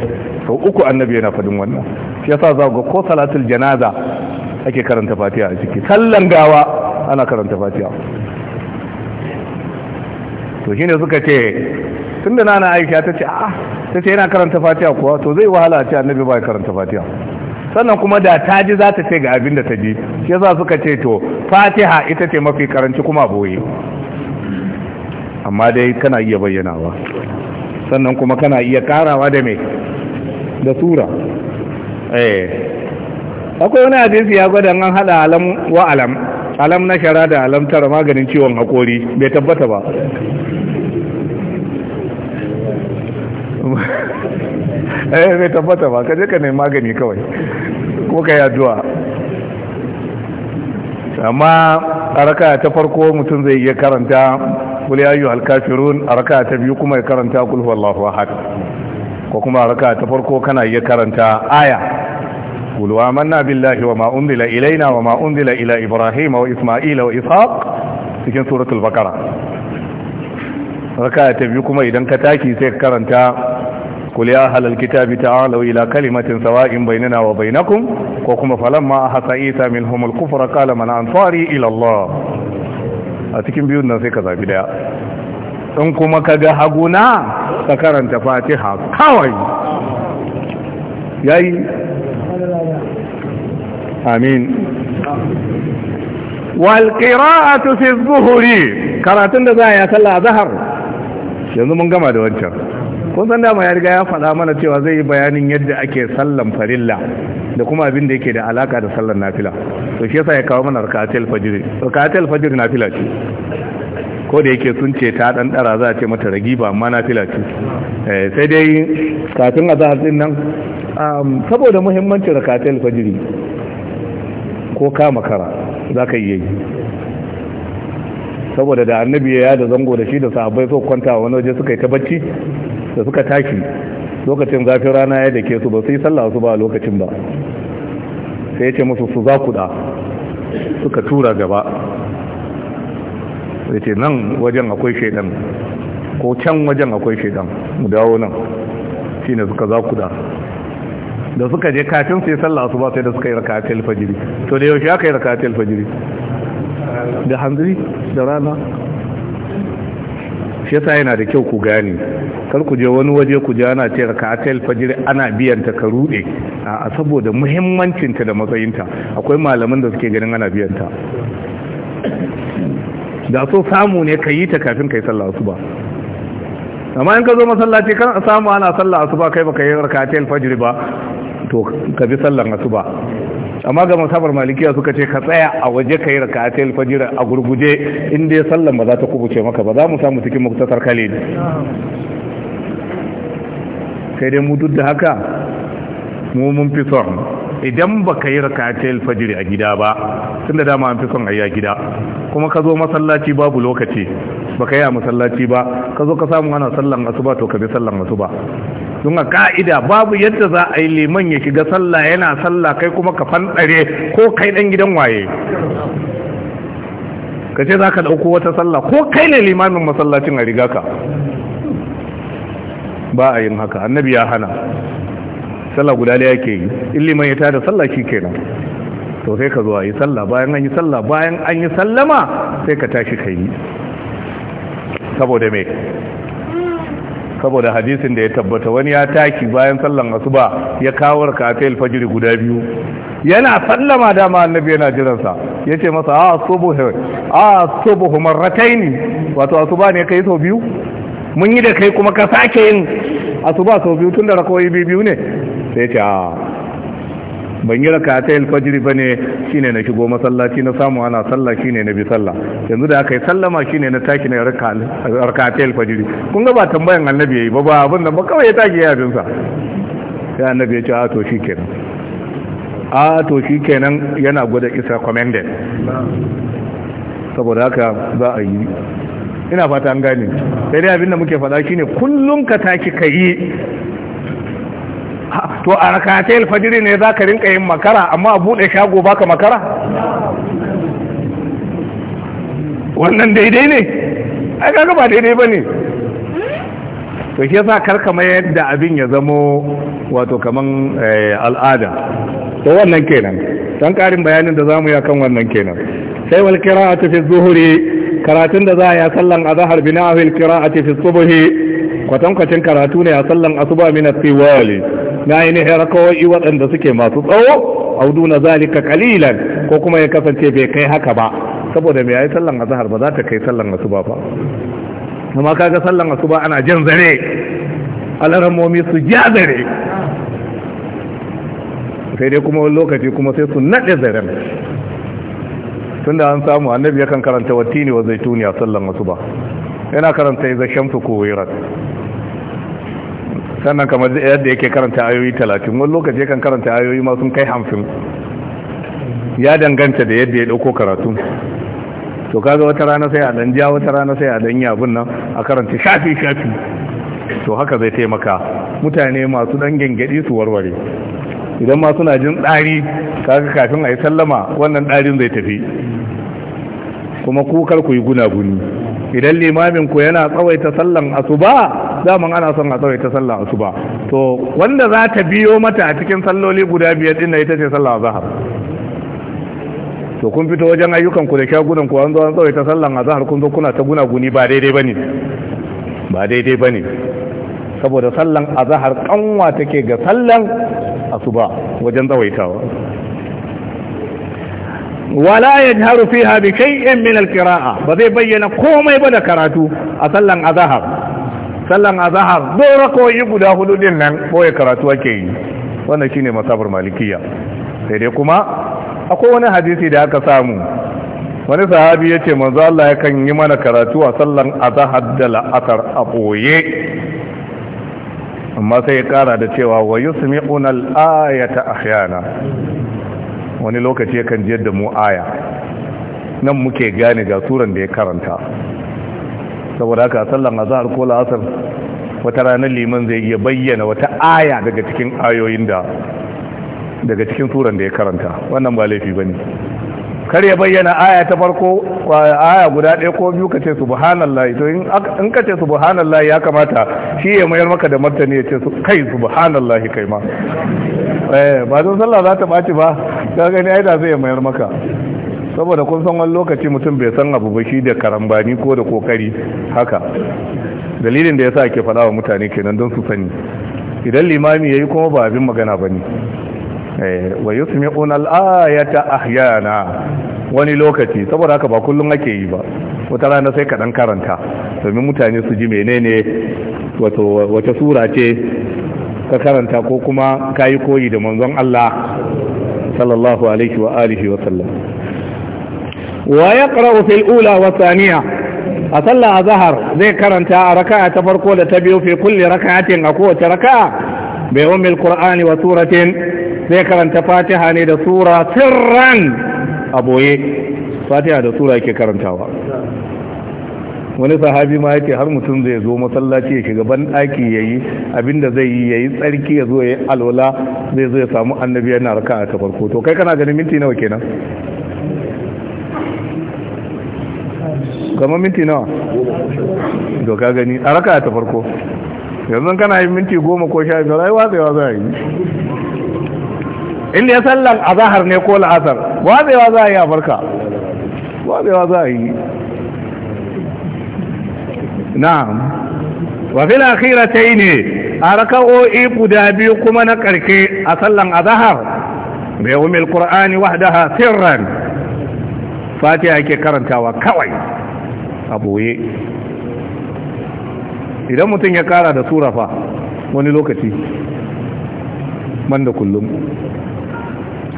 sau uku annabi yana fadin wannan shi yasa za ga ko salatul janaza ake karanta fatiha a ciki sallan gawa ana karanta fatiha to shine suka ce tunda nana aisha ta ce a, ah, ta ce yana karanta fatiha kuwa to zai wahala a ce annabi ba karanta fatiha sannan kuma da ta ji za ta ce ga abin da ta ji shi yasa suka ce to fatiha ita ce mafi karanci kuma boye amma dai kana iya bayyanawa sannan kuma kana iya karawa da me da sura eh akwai wani hadisi ya gwada an hada alam wa alam alam na shara da alam tara maganin ciwon hakori bai tabbata ba eh tabbata ba ka je ka nemi magani kawai ko ka yi addu'a amma a raka ta farko mutum zai iya karanta kul ya ayyuhal kafirun a raka ta biyu kuma ya karanta kul huwallahu ahad ko kuma a raka ta farko kana iya karanta aya kul wa amanna billahi wa ma unzila ilaina wa ma unzila ila ibrahima wa isma'ila wa ishaq cikin suratul baqara raka ta biyu kuma idan ka taki sai ka karanta قل يا أهل الكتاب تعالوا إلى كلمة سواء بيننا وبينكم وكما فلما أحس عيسى منهم الكفر قال من أنصاري إلى الله أتكين بيوتنا سيكذا بداية in kuma ka ga haguna ka karanta fatiha kawai yayi amin wal qira'atu fi adh-dhuhri karatun da za ya sallah zahar. yanzu mun gama da wancan kun san dama ya riga ya faɗa mana cewa zai yi bayanin yadda ake sallan farilla da kuma abin da yake da alaka da sallan nafila to shi yasa ya kawo mana rakatul fajr rakatul fajr nafila ce ko da yake sun ce ta dan dara za a ce mata ragiba amma nafila ce eh, sai dai kafin azhar din nan saboda muhimmancin rakatul fajr ko kama kara zaka yi saboda da annabi ya da zango da shi da sahabbai so kwanta wani waje suka yi ta bacci da suka tashi lokacin zafin rana ya dake su ba su yi sallah su ba a lokacin ba sai ya ce musu su za kuɗa suka tura gaba ya ce nan wajen akwai shaidan ko can wajen akwai shaidan mu dawo nan shi ne suka za kuɗa da suka je kafin su yi sallah su ba sai da suka yi raka ta alfajiri to da yaushe aka yi raka ta alfajiri da hanzari da rana shi yasa yana da kyau ku gane kar ku je wani waje ku je ana ce ka atel fajir ana biyan ta ka rude a saboda muhimmancin ta da matsayinta akwai malaman da suke ganin ana biyan ta da so samu ne ka yi ta kafin kai sallah asuba amma in ka zo masallaci kan samu ana sallah asuba kai baka yi rakatul fajr ba to ka bi sallan asuba amma ga masabar malikiya suka ce ka tsaya a waje ka yi raka a gurguje in dai sallan ba za ta kubuce maka ba za mu samu cikin muktasar ne kai dai mu duk da haka mu mun fi son idan ba ka yi rakatil fajiri a gida ba tun da dama an fi son ayi a gida kuma ka zo masallaci babu lokaci ba ka yi a masallaci ba ka zo ka samu ana sallan ba to ka bi sallan ba. don a ka'ida babu yadda za a yi liman ya shiga sallah yana salla kai kuma ka fanɗare ko kai ɗan gidan waye ka ce za ka ɗauko wata salla ko kai ne limamin masallacin a riga ka ba a yin haka annabi ya hana sallah guda da yake yi illiman ya tada sallah shi kenan to sai ka zo a yi sallah bayan an yi sallah bayan an yi sallama sai ka tashi ka yi saboda me saboda hadisin da ya tabbata wani ya taki bayan sallan asuba ya kawar ka ta alfajiri guda biyu yana sallama dama annabi yana jiransa ya ce masa a asubu a subuhu marrataini wato asuba ne kai sau biyu mun yi da kai kuma ka sake yin asuba sau biyu tun da rakawai biyu ne sai ce a ah, ban yi raka ta fajiri ba ne ne na shigo masallaci na samu ana sallah ne na bi sallah yanzu da aka yi sallama ne na taki na raka ta fajiri kun gaba tambayan annabi yi ba ba abin da ba kawai ya taki ya jinsa sai annabi ya ce a ah, to kenan a ah, to kenan yana gwada isa commended saboda haka za a yi ina fata an gane sai dai da muke fada shine kullum ka taki ka yi to a rakatai alfajiri ne za ka rinka yin makara amma a buɗe shago baka makara wannan daidai ne a ga ba daidai ba ne to shi yasa karka mayar da abin ya zamo wato kaman eh, al'ada to wannan kenan dan karin bayanin da zamu yi akan wannan kenan sai wal qira'atu fi zuhuri karatun da za a yi a sallan azahar bina ahil kira a tafi tsubuhi kwatankwacin karatu ne a sallan asuba min tsiwali na ainihin rakawoyi waɗanda suke masu tsawo a duna zalika kalilan ko kuma ya kasance bai kai haka ba saboda mai yayi sallan azhar ba za ta kai sallan asuba ba amma kaga sallan asuba ana jan zare momi su ja zare sai dai kuma wani lokaci kuma sai su naɗe zaren tunda an samu annabi yakan karanta wattini wa zaituni a sallan asuba yana karanta su ko kuwirat sannan kamar yadda yake karanta ayoyi talatin wani lokaci kan karanta ayoyi ma sun kai hamsin ya danganta da yadda ya ɗauko karatu to kaga wata rana sai a dan ja wata rana sai a dan yi abin nan a karanta shafi shafi to haka zai taimaka mutane masu dan gengedi su warware idan ma suna jin ɗari kaga kafin a yi sallama wannan darin zai tafi kuma kokar ku yi guna guni. idan limamin ku yana tsawaita sallan asuba daman ana son a tsawaita sallan asuba to wanda za ta biyo mata a cikin salloli guda biyar din ita ce sallar azhar to kun fito wajen ayyukan ku da shagunan ku an zo an tsawaita sallan azhar kun zo kuna ta guna guni ba daidai bane ba daidai bane saboda sallan azhar kanwa take ga sallan asuba wajen tsawaitawa wala yajharu fiha bi shay'in min al ba zai bayyana komai ba da karatu a sallan azahar. sallan azahar, dora ko guda hudu din nan boye karatu ake yi wannan shine masabar malikiya sai kuma akwai wani hadisi da aka samu wani sahabi ya ce manzo Allah ya kan yi mana karatu a sallan azahar da la'asar a boye amma sai ya kara da cewa wa yusmi'una al-ayata ahyana wani lokaci yakan jiyar da mu aya nan muke gane ga suran da ya karanta saboda haka sallan azhar ko la'asar wata ranar liman zai iya bayyana wata aya daga cikin ayoyin da daga cikin suran da ya karanta wannan ba laifi bane kar ya bayyana aya ta farko aya guda ɗaya ko biyu kace subhanallahi to in kace subhanallahi ya kamata shi ya mayar maka da martani ya ce kai subhanallahi kai ma Eh, ba don sallah za ta ɓaci ba ga gani ai da zai mayar maka saboda kun san wani lokaci mutum bai san abu ba shi da karambani ko da kokari haka dalilin da ya sa ke faɗa wa mutane kenan don su sani idan limami ya yi kuma ba abin magana ba ne eh, wa yi sumi al'ayata ahyana wani lokaci saboda haka ba kullum ake yi ba wata rana sai kaɗan karanta domin mutane su ji menene wato wata sura ce ka karanta ko kuma ka yi koyi da manzon Allah sallallahu alaihi wa alihi wa sallam wa yaqra'u fil ula wa thaniya a sallah azhar zai karanta a raka'a ta farko da ta biyu fi kulli raka'atin a kowace raka'a bi ummil qur'ani wa suratin zai karanta fatiha ne da sura sirran Aboye, fatiha da sura yake karantawa wani sahabi ma yake har mutum zai zo masallaci ya shiga ban daki yayi abinda zai yi yayi tsarki ya zo yayi alwala zai zo ya samu annabi yana raka ta farko to kai kana ganin minti nawa kenan kamar minti nawa to ka gani a raka ta farko yanzu kana yin minti goma ko sha biyar ai watsewa za a yi inda ya sallan azahar ne ko la'asar watsewa za a yi a farka watsewa za a yi na'am wa fil akhiratayn a raka'o'i guda biyu kuma na karke a sallan azhar bi yawmi alqur'ani wahdaha sirran fatiha ke karantawa kawai a idan mutum ya kara da sura fa wani lokaci man da kullum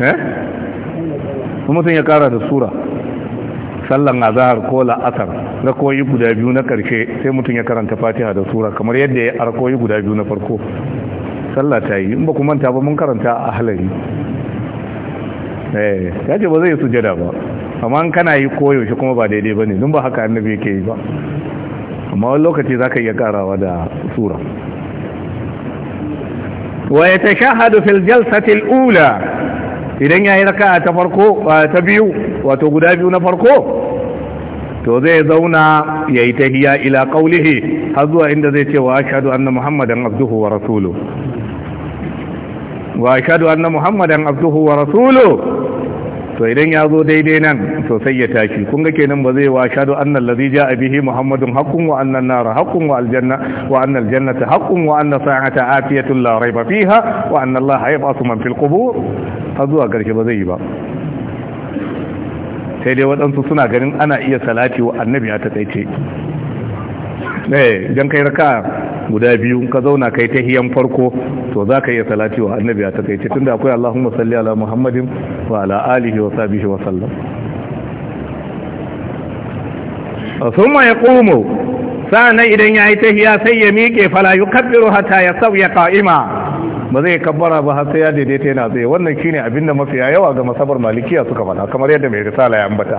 eh mutum ya kara da sura sallan azhar ko la'asar koyi guda biyu na karshe sai mutum ya karanta fatiha da sura kamar yadda ya arkoyi guda biyu na farko sallah ta yi in ba ku manta ba mun karanta a halari eh, ya ce ba zai jada ba amma an kana yi koyaushe kuma ba daidai ba dun ba haka annabi yake yi ba amma wani lokaci za iya karawa da sura wa ya ta shahadu fil ula idan ya yi raka ta farko ta biyu wato guda biyu na farko to zai zauna ya yi tahiya ila qaulihi har zuwa inda zai ce wa ashhadu anna muhammadan abduhu wa rasulu? wa ashhadu anna muhammadan abduhu wa rasulu? to idan ya zo daidai nan to sai ya tashi kun ga kenan ba zai wa shadu anna allazi a bihi muhammadun haqqun wa anna an-nar haqqun wa al-janna wa anna al-jannata haqqun wa anna sa'ata atiyatun la rayba fiha wa anna allaha yab'athu man fil qubur hazuwa karshe ba zai yi ba sai dai waɗansu suna ganin ana iya salati wa annabi a taƙaice eh, idan kai raka guda biyu ka zauna kai ta hiyan farko to za ka iya salati wa annabi a taƙaice tunda akwai allahumma salli ala muhammadin wa ala alihi wa sabihi wa sallam idan ya yi يقوم sai ya miƙe يا سيميك kabbiru hata ya sauya ka'ima. ba zai kabbara ba har sai ya daidaita yana tsaye wannan shine abinda mafiya yawa ga masabar malikiya suka faɗa kamar yadda mai risala ya ambata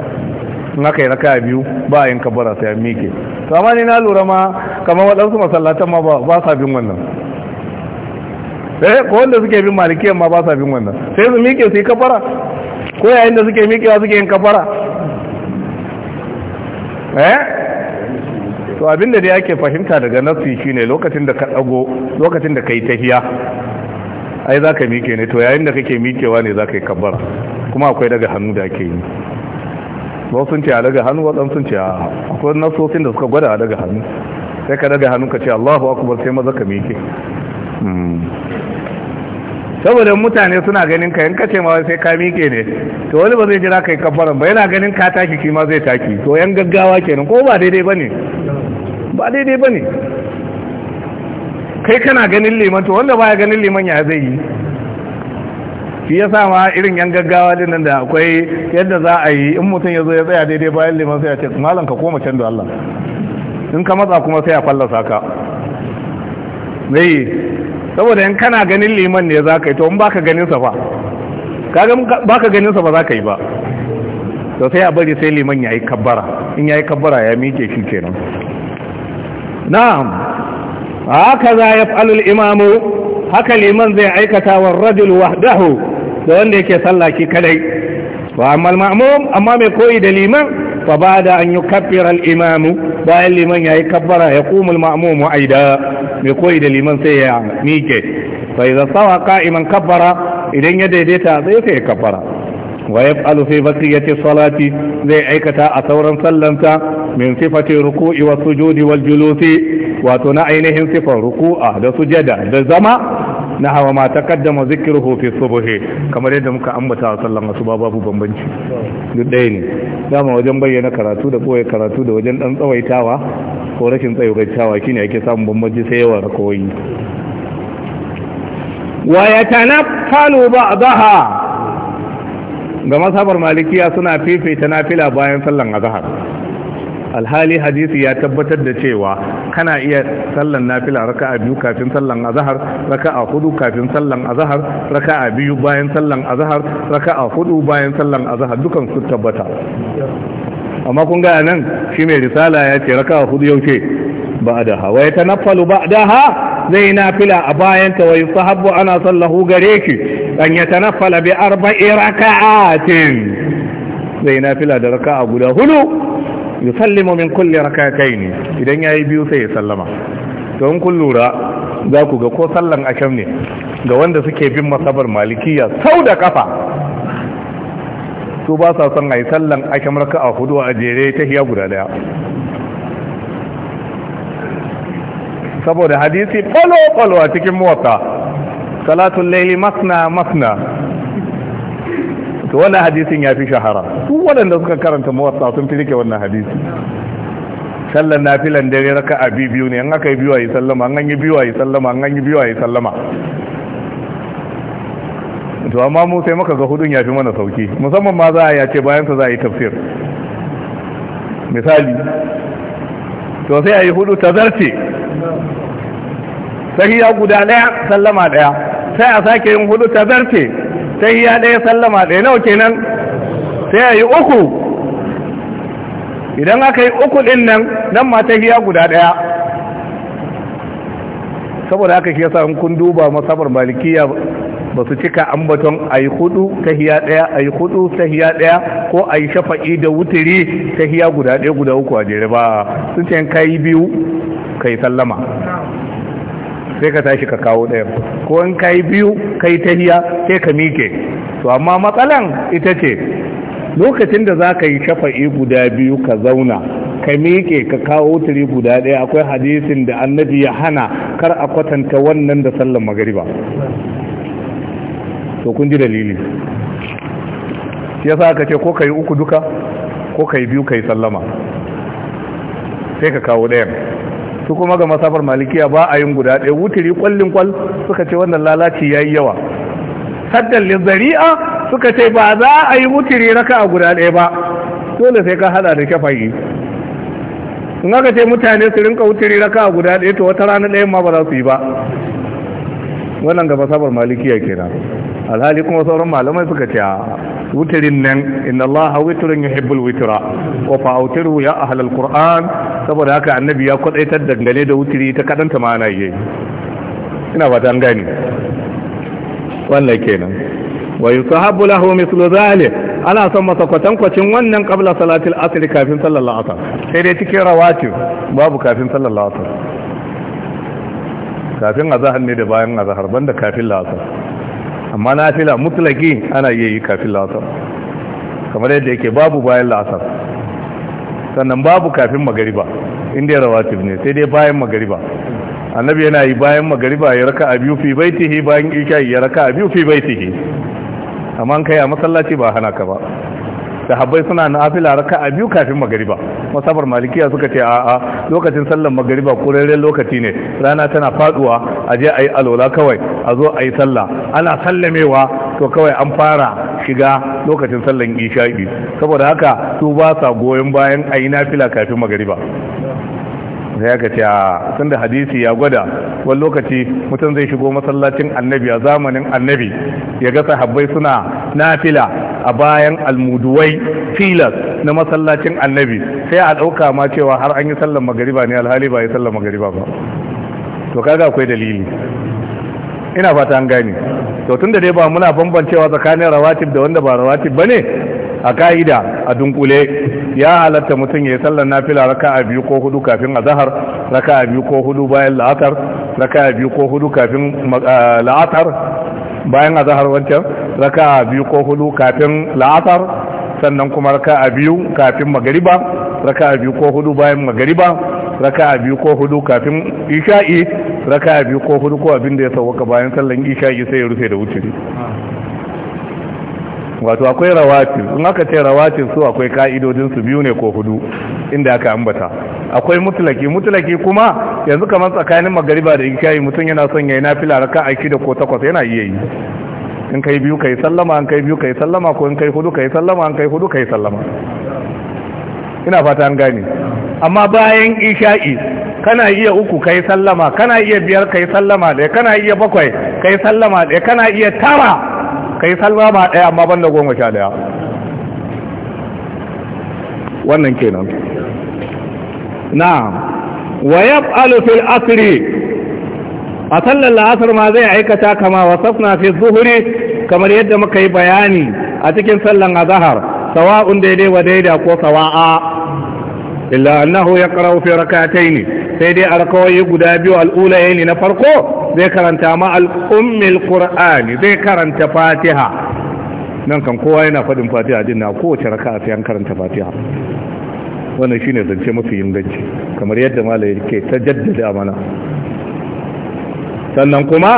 in aka yi raka biyu ba yin kabbara sai ya mike to amma ni na lura ma kamar waɗansu masallatan ma ba sa bin wannan eh ko wanda suke bin malikiya ma ba sa bin wannan sai su mike su yi kabbara ko yayin da suke mikewa suke yin kabbara eh to abinda dai ake fahimta daga nassi shine lokacin da ka dago lokacin da kai tahiya ai za ka mike ne to yayin da kake mikewa ne za ka yi kabbar kuma akwai daga hannu da ake yi wasu sun ce a daga hannu ba sun ce a akwai nasosin da suka gwada a daga hannu sai ka daga hannu ka ce allahu akubar sai maza ka mike hmm. saboda mutane suna ganin ka yanka ce ma sai ka mike ne to wani ba zai jira kai kabbaran ba yana ganin ka taki kima zai taki to yan gaggawa kenan ko ba daidai bane ba daidai bane kai kana ganin liman to wanda baya ganin liman ya zai yi shi ya ma irin yan gaggawa din nan da akwai yadda za a yi in mutum ya zo ya tsaya daidai bayan liman sai ya ce malam ka koma can da Allah in ka matsa kuma sai ya fallasa ka mai saboda yan kana ganin liman ne za ka yi to in baka ganin sa ba kaga baka ganin sa ba za ka yi ba to sai a bari sai liman ya yi kabbara in ya yi kabbara ya miƙe shi kenan na'am haka za ya falul imamu haka liman zai aikata wa rajul wahdahu da wanda yake sallah ki kadai wa amal mamum amma mai koyi da liman fa ba'da an yukaffira al-imamu bayan liman yayi kabbara ya qumu al-ma'mum wa aida mai koyi da liman sai ya mike fa idan sawa qa'iman kabbara idan ya daidaita zai sai kabbara wa yaf'alu fi ce salati zai aikata a sauran sallanta min sifati ruku'i wa sujudi wal julusi wato na ainihin sifar ruku'a da sujada da zama na hawa ma taqaddama zikruhu fi subhi kamar yadda muka ambata a sallan asuba babu bambanci duk ɗaya ne dama wajen bayyana karatu da koyi karatu da wajen dan tsawaitawa ko rashin tsawaitawa shine ake samun bambanci sai yawa koyi wa yatanaffalu ba'daha ga masabar malikiya suna fifita nafila bayan sallan azhar alhali hadisi ya tabbatar da cewa kana iya sallan nafila raka'a biyu kafin sallan azhar raka'a hudu kafin sallan azhar raka'a biyu bayan sallan azhar raka'a hudu bayan sallan azhar dukan su tabbata amma kun ga nan shi mai risala ya ce raka'a hudu ce ba'daha wa yatanaffalu ba'daha zai nafila a bayan ta wa yusahabu ana sallahu gare ki an yatanaffala bi arba'i raka'atin zai nafila da raka'a guda hudu yusallimu min kulli raka'atayn idan yayi biyu sai ya sallama to in kun lura za ku ga ko sallan asham ne ga wanda suke bin masabar malikiya sau da kafa su ba sa son a yi sallan akam raka'a hudu a jere ta hiya guda daya saboda hadisi falo-falo a cikin mota salatun laili masna masna to wannan hadisin ya fi shahara su waɗanda suka karanta mota sun fi rike wannan hadisi sallan na filan dare raka a biyu ne an aka yi biyu a yi sallama an yi biyu a yi sallama an yi biyu a yi sallama to amma mu sai muka ga hudun ya fi mana sauki musamman ma za a yace sa za a yi tafsir misali to sai a yi hudu ta zarce tahiya guda daya sallama daya sai a sake yin hudu ta zarce tahiya daya sallama daya nawa kenan sai a yi uku idan aka yi uku din nan nan ma tahiya guda daya saboda aka ke sa kun duba masabar malikiya ba su cika ambaton a yi hudu tahiya daya a yi hudu tahiya daya ko a yi shafa'i da wuturi tahiya guda daya guda uku a jere ba sun ce kai biyu ka yi sallama sai ka tashi ka kawo ɗaya ko in ka yi biyu ka yi tahiya sai ka mike to amma matsalan ita ce lokacin da za ka yi shafa'i guda biyu ka zauna ka miƙe ka kawo turi guda ɗaya akwai hadisin da annabi ya hana kar a kwatanta wannan da sallan magariba to kun ji dalili ya sa ka ce ko ka yi uku duka ko ka yi biyu ka yi sallama sai ka kawo ɗaya su kuma ga masafar malikiya ba a yin guda ɗaya wutiri kwallin kwal suka ce wannan lalaci ya yi yawa Haddan lizari'a suka ce ba za a yi wutiri raka a guda ɗaya ba dole sai ka hada da shafayi in aka ce mutane su rinka wutiri raka a guda ɗaya to wata rana ɗaya ma ba za su yi ba wannan ga masabar malikiya kenan alhali kuma sauran malamai suka ce wutirin nan inna ya hibbul yuhibbul witra wa fa'utiru ya ahlal qur'an saboda haka annabi ya kwadaitar dangane da wutiri ta kadanta ma'ana yayi ina ba an gani wannan kenan wa yusahabu lahu mithlu zalik ana son masa kwacin wannan qabla salatil asr kafin sallallahu alaihi wasallam sai dai cikin rawatib babu kafin sallallahu alaihi wasallam kafin azhar ne da bayan azhar banda kafin la'asar amma na fila mutlaki ana iya yi kafin la'asar kamar yadda yake babu bayan la'asar sannan babu kafin magariba inda ya rawa ne sai dai bayan magariba annabi yana yi bayan magariba ya raka a biyu fi baitihi bayan isha ya raka a biyu fi baitihi amma kai a masallaci ba hana ka ba sahabbai suna nafila a biyu kafin magariba masabar malikiya suka ce a'a lokacin sallar magariba kurarren lokaci ne rana tana faduwa a je ayi alola kawai a zo a yi sallah ana sallamewa to kawai an fara shiga lokacin sallar isha'i saboda haka su ba sa goyon bayan ayi nafila kafin magariba sai aka ce a tun da hadisi ya gwada wani lokaci mutum zai shigo masallacin annabi a zamanin annabi ya ga sahabbai suna nafila a bayan almuduwai filas na masallacin annabi sai a ɗauka ma cewa har an yi sallar magariba ne alhali ba yi sallar magariba ba to kaga akwai dalili ina fata an gane to tun da dai ba muna bambancewa tsakanin rawatib da wanda ba rawatib ba ne a ka'ida a dunkule ya halatta mutum ya yi sallar nafila a biyu ko hudu kafin a zahar azahar a biyu ko hudu bayan la'atar a biyu ko hudu kafin la'atar bayan azahar wancan raka biyu ko hudu kafin la'asar sannan kuma a biyu kafin magariba raka'a biyu ko hudu bayan magariba biyu ko hudu kafin isha'i raka biyu ko hudu ko abin da ya sauwaka bayan sallan isha'i sai ya rufe da wuturi wato akwai rawatin in aka ce rawatin su akwai ka'idodin su biyu ne ko hudu inda aka ambata akwai mutlaki mutlaki kuma yanzu kamar tsakanin magariba da isha'i mutum yana son yayi nafila a shida ko takwas yana iya yi in kai biyu kai sallama in kai biyu kai sallama ko in kai hudu kai sallama in kai hudu kai sallama ina fata an gane amma bayan isha'i kana iya uku kai sallama kana iya biyar kai sallama da kana iya bakwai kai sallama da kana iya tara ka yi ba ɗaya amma ban da goma sha ɗaya wannan kenan na wa yaf'alu asiri! a sallar la'asar ma zai aikata kama wasafna fi zuhuri kamar yadda muka yi bayani a cikin sallan azhar sawa'un daidai wa daida ko sawa'a illa annahu yaqra'u fi rak'atayn sai dai a rakawai guda biyu al'ula yayi na farko zai karanta ma al'ummil ƙur'ani. zai karanta fatiha nan kan kowa yana faɗin fatiha din na kowace raka a an karanta fatiha wannan shi ne zance mafi inganci kamar yadda malai ke ta jaddada a mana sannan kuma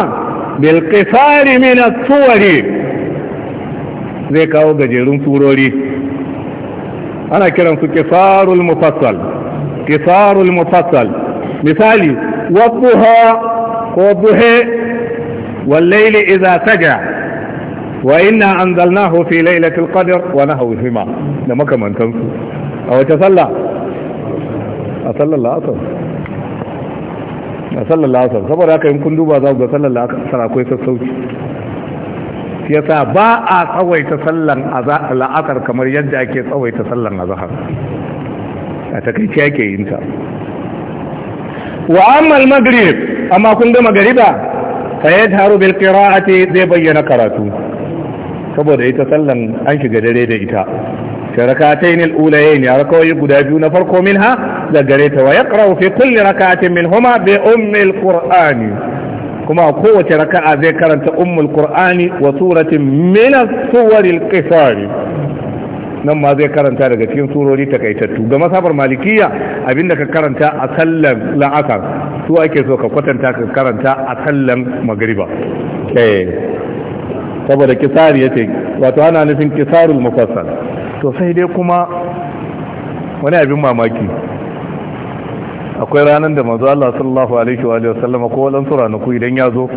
bilkisari mina min zai kawo gajerun surori ana kiran su mufassal kisarul mufassal misali wadduha ko duhe wallaili idza saja wa inna anzalnahu fi lailatul qadr wa nahwihima da makamantansu a wace sallah a sallar la'asar a sallar la'asar saboda haka yin kun duba za ku ga sallar la'asar akwai sassauci yasa ba a tsawaita sallan la'asar kamar yadda ake tsawaita sallan azhar a takaice ake yin ta wa ammal maghrib amma kun ga magariba fa yadharu bil qira'ati zai bayyana karatu saboda ita sallan an shiga dare da ita sharakatayn al ulayayn ya guda biyu na farko minha da gare ta wa yaqra'u fi kulli rak'atin min huma bi ummi al qur'ani kuma kowace raka'a zai karanta ummul wa suratin min as-suwar nan ma zai karanta daga cikin surori takaitattu ga masabar malikiya abinda ka karanta a sallan la'asar su ake so ka kwatanta ka karanta a sallan magriba eh saboda kisari ce, wato ana nufin kisarul mufassal to sai dai kuma wani abin mamaki akwai ranar da manzo Allah sallallahu alaihi wa sallam ko na ranaku idan ya zo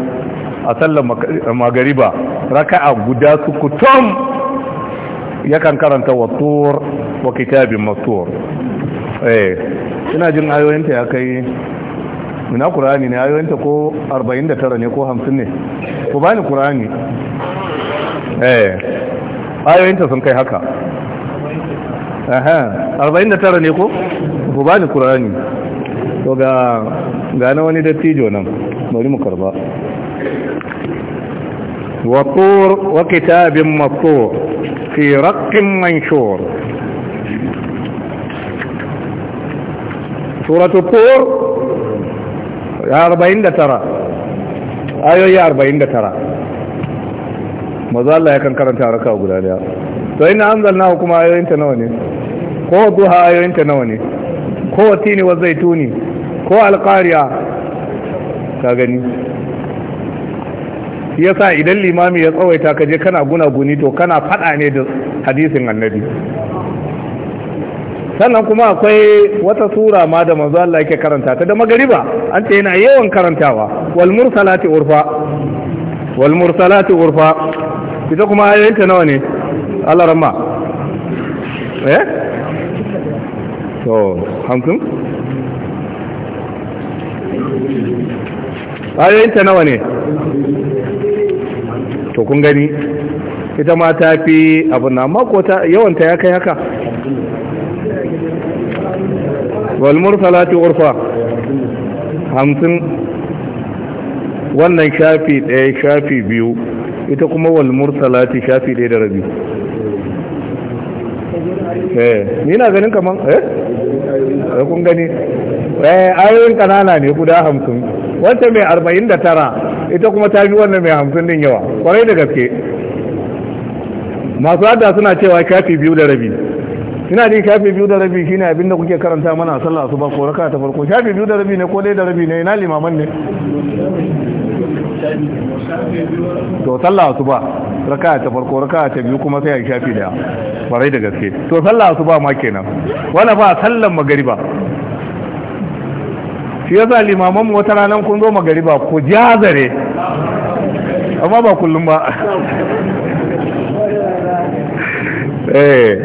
a sallan magariba raka'a guda su kutum yakan karanta wattur wa kitabin mastur eh ina jin ayoyinta ya kai ina qur'ani ne ayoyinta ko 49 ne ko 50 ne ko bani qur'ani eh ayoyinta sun kai haka aha 49 ne ko ko bani qur'ani to ga ga na wani dattijo nan bari mu karba وطور وكتاب مسطور في رق منشور سورة الطور يا أربعين ترى أيوة يا أربعين ترى maza Allah yakan karanta a guda daya to ina anzalna kuma ayoyinta nawa ne ko duha ayoyinta nawa ne ko watini wa zaituni ko alqariya ka gani Ya yasa idan limami ya tsawaita ka je kana guni to kana fada ne da hadisin annabi sannan kuma akwai wata sura ma da manzo Allah yake karanta ta da magariba an ce yana yawan karantawa wal mursalati urfa wal mursalati urfa ita kuma ayoyinta nawa ne Allah rahma eh to hamsin ayoyinta nawa ne to kun gani ita ma ta fi abin na mako yawanta ya kai haka walmur salati urfa hamsin wannan shafi ɗaya shafi biyu ita kuma walmur salati shafi ɗaya da rabi eh ni na ganin kaman eh, eh kun gani eh ayoyin kanana ne guda hamsin wata mai arba'in da tara ita kuma ta fi wannan mai hamsin din yawa kwarai da gaske masu hada suna cewa kafi biyu da rabi ina jin kafi biyu da rabi shine abin da kuke karanta mana sallah su ba ko raka ta farko kafi biyu da rabi ne ko dai da rabi ne ina limaman ne to sallah su ba raka ta farko raka ta biyu kuma sai a kafi daya kwarai da gaske to sallah su ba ma kenan wala ba sallan magariba shi yasa limaman mu wata ranar kun zo magariba ku jazare amma ba kullum ba eh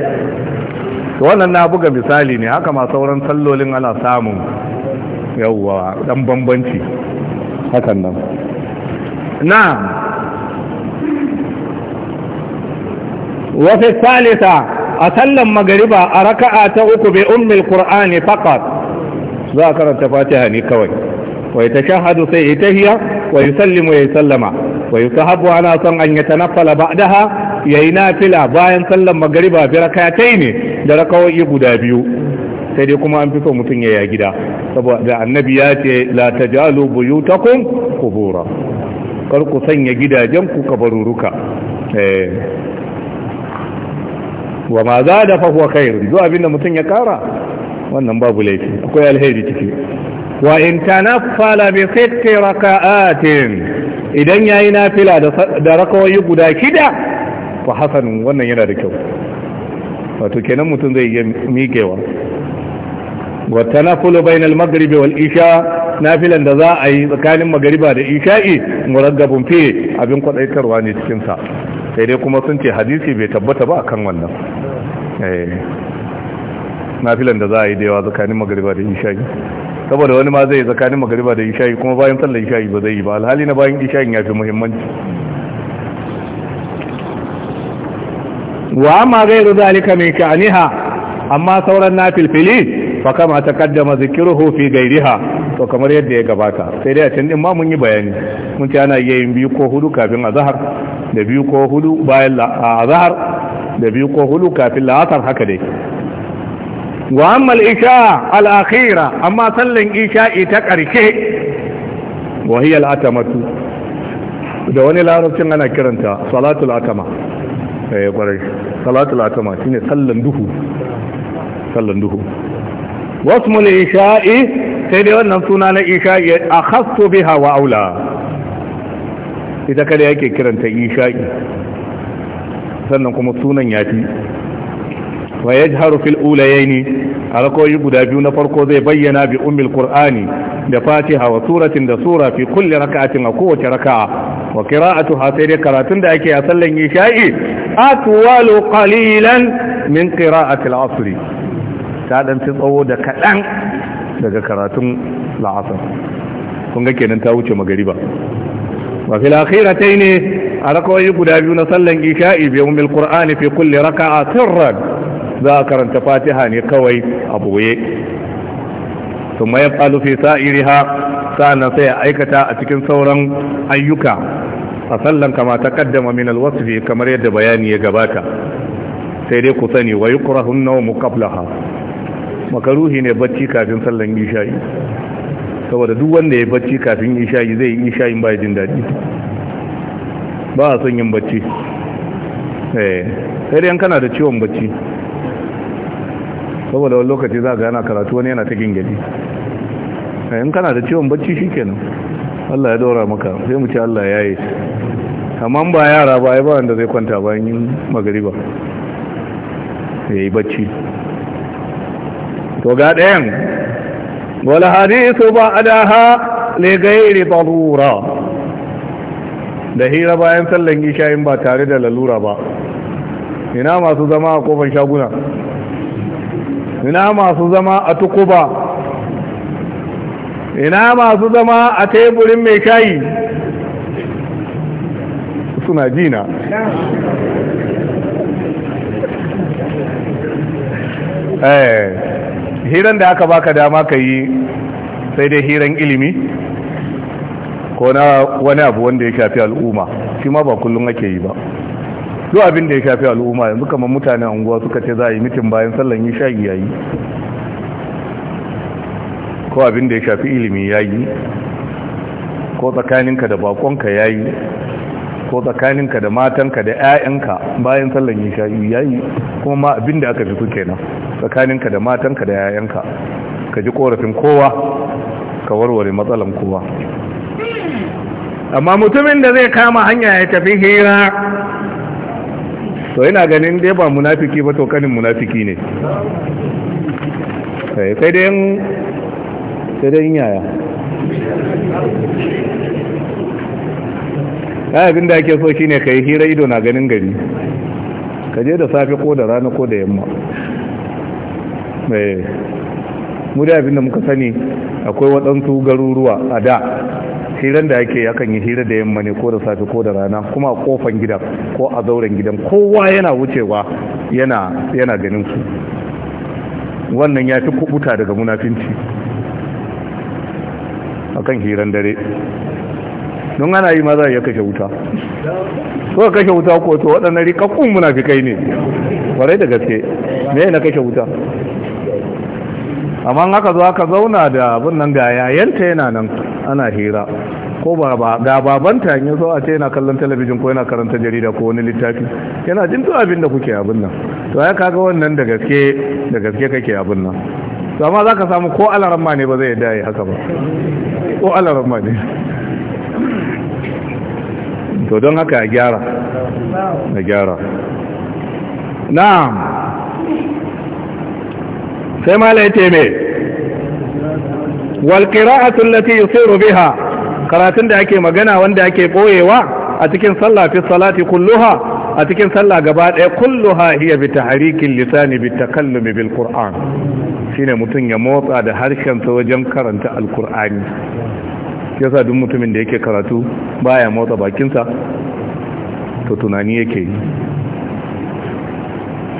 wannan na buga misali ne haka ma sauran sallolin ana samun yawwa dan bambanci hakan nan na wasu salisa a sallan magariba a raka'a ta uku bai ummil qur'ani faqat za a karanta fatiha ne kawai wa shahadu sai itahiya wa yusallimu ya sallama wa yusahabu ana son an yatanaffala ba'daha yayi nafila bayan sallan magariba bi rakatai ne da rakawoyi guda biyu sai dai kuma an fi so mutum ya yi gida saboda annabi ya ce la tajalu buyutakum qubura kar ku sanya gidajen ku kabaruruka eh. wa ma zada fa huwa khair duk abinda mutum ya kara wannan babu laifi akwai alheri ciki wa in tanaffala bi sitti raka'atin idan yayi nafila da rakawoyi guda kida wa hasan wannan yana da kyau wato kenan mutum zai iya miƙewa wa tanafulu bainal maghribi wal isha nafilan da za a yi tsakanin magariba da isha'i muraggabun fi abin kwadaitarwa ne cikinsa sai dai kuma sun ce hadisi bai tabbata ba akan wannan eh. nafilan da za a yi da yawa tsakanin magariba da isha'i saboda wani ma zai tsakanin magariba da isha'i kuma bayan sallar isha'i ba zai yi ba alhali na bayan ishayin ya fi muhimmanci wa amma gairu zalika min sha'niha amma sauran nafilfili fa kama ta taqaddama zikruhu fi gairiha to kamar yadda ya gabata sai dai a can din ma mun yi bayani mun ce ana yin biyu ko hudu kafin azahar da biyu ko hudu bayan azhar da biyu ko hudu kafin la'asar haka dai wa ammal isha al'akira, amma sallan isha'i ta ƙarshe. wa hiya al-atamatu da wani larabcin ana kiranta salatul atama eh kwarai salatul atama shine sallan duhu sallan duhu Wasu wasmul isha'i sai dai wannan suna na isha'i a akhassu biha wa aula ita kada yake kiranta isha'i sannan kuma sunan ya fi. wa ya yajharu fil ulayaini a rakoyi guda biyu na farko zai bayyana bi umil qur'ani da fatiha wa suratin da sura fi kulli rak'atin a kowace raka'a wa a tuha sai dai karatun da ake a sallan isha'i atwalu kalilan min qira'ati al-asr ta dan fi tsawo da kaɗan daga karatun la'asar kun ga kenan ta wuce magariba wa fil akhiratayn a rakoyi guda biyu na sallan isha'i bi umil qur'ani fi kulli raka'a sirran za a karanta fatiha ne kawai a boye su mayan fi sa'iriha sa'annan sai a aikata a cikin sauran ayyuka a sallan kama ta kaddama min alwasfi kamar yadda bayani ya gabata sai dai ku sani wa yukrahun nawmu qablaha makaruhi ne bacci kafin sallan isha'i saboda duk wanda ya bacci kafin isha'i zai yi isha'in ba jin daɗi ba a son yin bacci eh, sai dai kana da ciwon bacci saboda wani lokaci za ga yana karatu wani yana ta a yin eh, kana da ciwon bacci shi kenan Allah ya daura maka sai mu ce Allah ya yi amma ba yara ba ya ba wanda zai kwanta bayan magariba ya yi bacci to ga ɗayan wala hadisu ba a adaha le gairi darura da hira bayan sallan gishayin ba tare da lalura ba ina masu zama a kofar shaguna ina masu zama a tukuba ina masu zama a teburin mai shayi suna jina eh, hiran da aka baka dama ka yi sai dai hiran ilimi ko na wani abu wanda ya shafi al'umma shi ma ba kullum ake yi ba duk abin da ya shafi al'umma yanzu kamar mutanen unguwa suka ce za a yi mitin bayan sallan yi ya yi ko abin da ya shafi ilimi ya yi ko tsakaninka da bakonka yi ko tsakaninka da matanka da 'ya'yanka bayan sallan yi ya yi kuma ma abin da aka fi suke nan tsakaninka da matanka da 'ya'yanka ka ji korafin kowa ka warware matsalan kowa amma mutumin da zai kama hanya ya tafi hira to yana ganin dai ba munafiki ba to kanin munafiki ne eh, sai dai sai dai yaya ya abin da ake so ne ka yi hira ido na ganin gari ka je da safe ko da rana ko da yamma eh, mu da abin da muka sani akwai waɗansu garuruwa a da hiran da ake yakan yi hira da yamma ne ko da safe ko da rana kuma a kofan gidan ko a zauren gidan kowa yana wucewa yana yana ganin su wannan ya fi kubuta daga munafinci akan hiran dare don ana yi maza ya kashe wuta ko kashe wuta ko to waɗannan rikakkun munafikai ne kwarai da gaske me na kashe wuta amma haka zo aka zauna da abin nan ga yayanta yana nan ana hira ko ba ba ga babanta in zo a ce yana kallon talabijin ko yana karanta jarida ko wani littafi yana jin to abin da kuke abin nan to ya kaga wannan da gaske da gaske kake abin nan to amma zaka samu ko alaramma ne ba zai yadda ya haka ba ko alaramma ne to don haka a gyara a gyara na'am sai mala ya me. wal qira'atu allati yusiru biha karatun da ake magana wanda ake boyewa a cikin sallah fi salati kulluha a cikin sallah gaba daya kulluha hiya bi tahrikil lisani bi takallumi bil qur'an shine mutun ya motsa da harshen sa wajen karanta alqur'ani yasa duk mutumin da yake karatu baya motsa bakinsa to tunani yake yi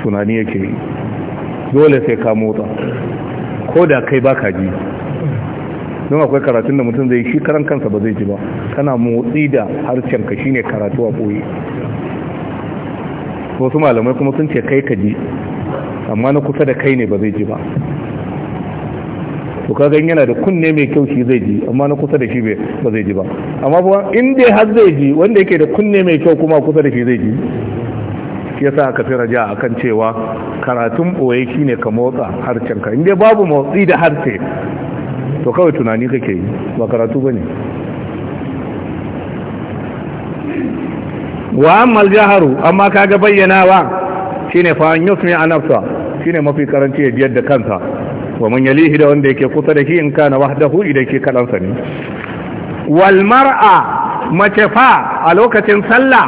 tunani yake yi dole sai ka motsa ko da kai baka ji don akwai karatun da mutum zai shi karan kansa ba zai ji ba kana motsi da harshen ka shine karatu a koyi wasu malamai kuma sun ce kai ka ji amma na kusa da kai ne ba zai ji ba to kaga yana da kunne mai kyau shi zai ji amma na kusa da shi ba zai ji ba amma kuma in dai har zai ji wanda yake da kunne mai kyau kuma kusa da shi zai ji ya sa aka fi raja a kan cewa karatun ɓoye shi ne ka motsa harcenka inda babu motsi da harshe to kawai tunani kake yi ba karatu ba ne wa ammal jaharu amma kaga bayyanawa shine fa sun yi anafta shi shine mafi karanci ya biyar da kansa wa mun yalihi da wanda yake kusa da shi in kana wahdahu idan ke kadansa ne wal mar'a mace fa a lokacin sallah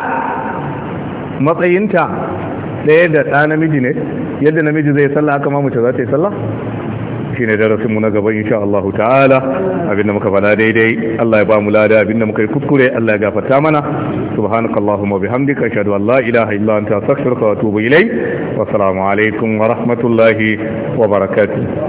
matsayinta ɗaya da ɗa namiji ne yadda namiji zai sallah haka ma mace za ta yi sallah shine darasinmu na gaba insha Allah ta'ala abinda muka fada daidai Allah ya ba mu lada abinda muka yi kuskure Allah ya gafarta mana wa bihamdika ashhadu an la ilaha illa anta astaghfiruka wa atubu ilayk wa assalamu alaikum wa rahmatullahi wa barakatuh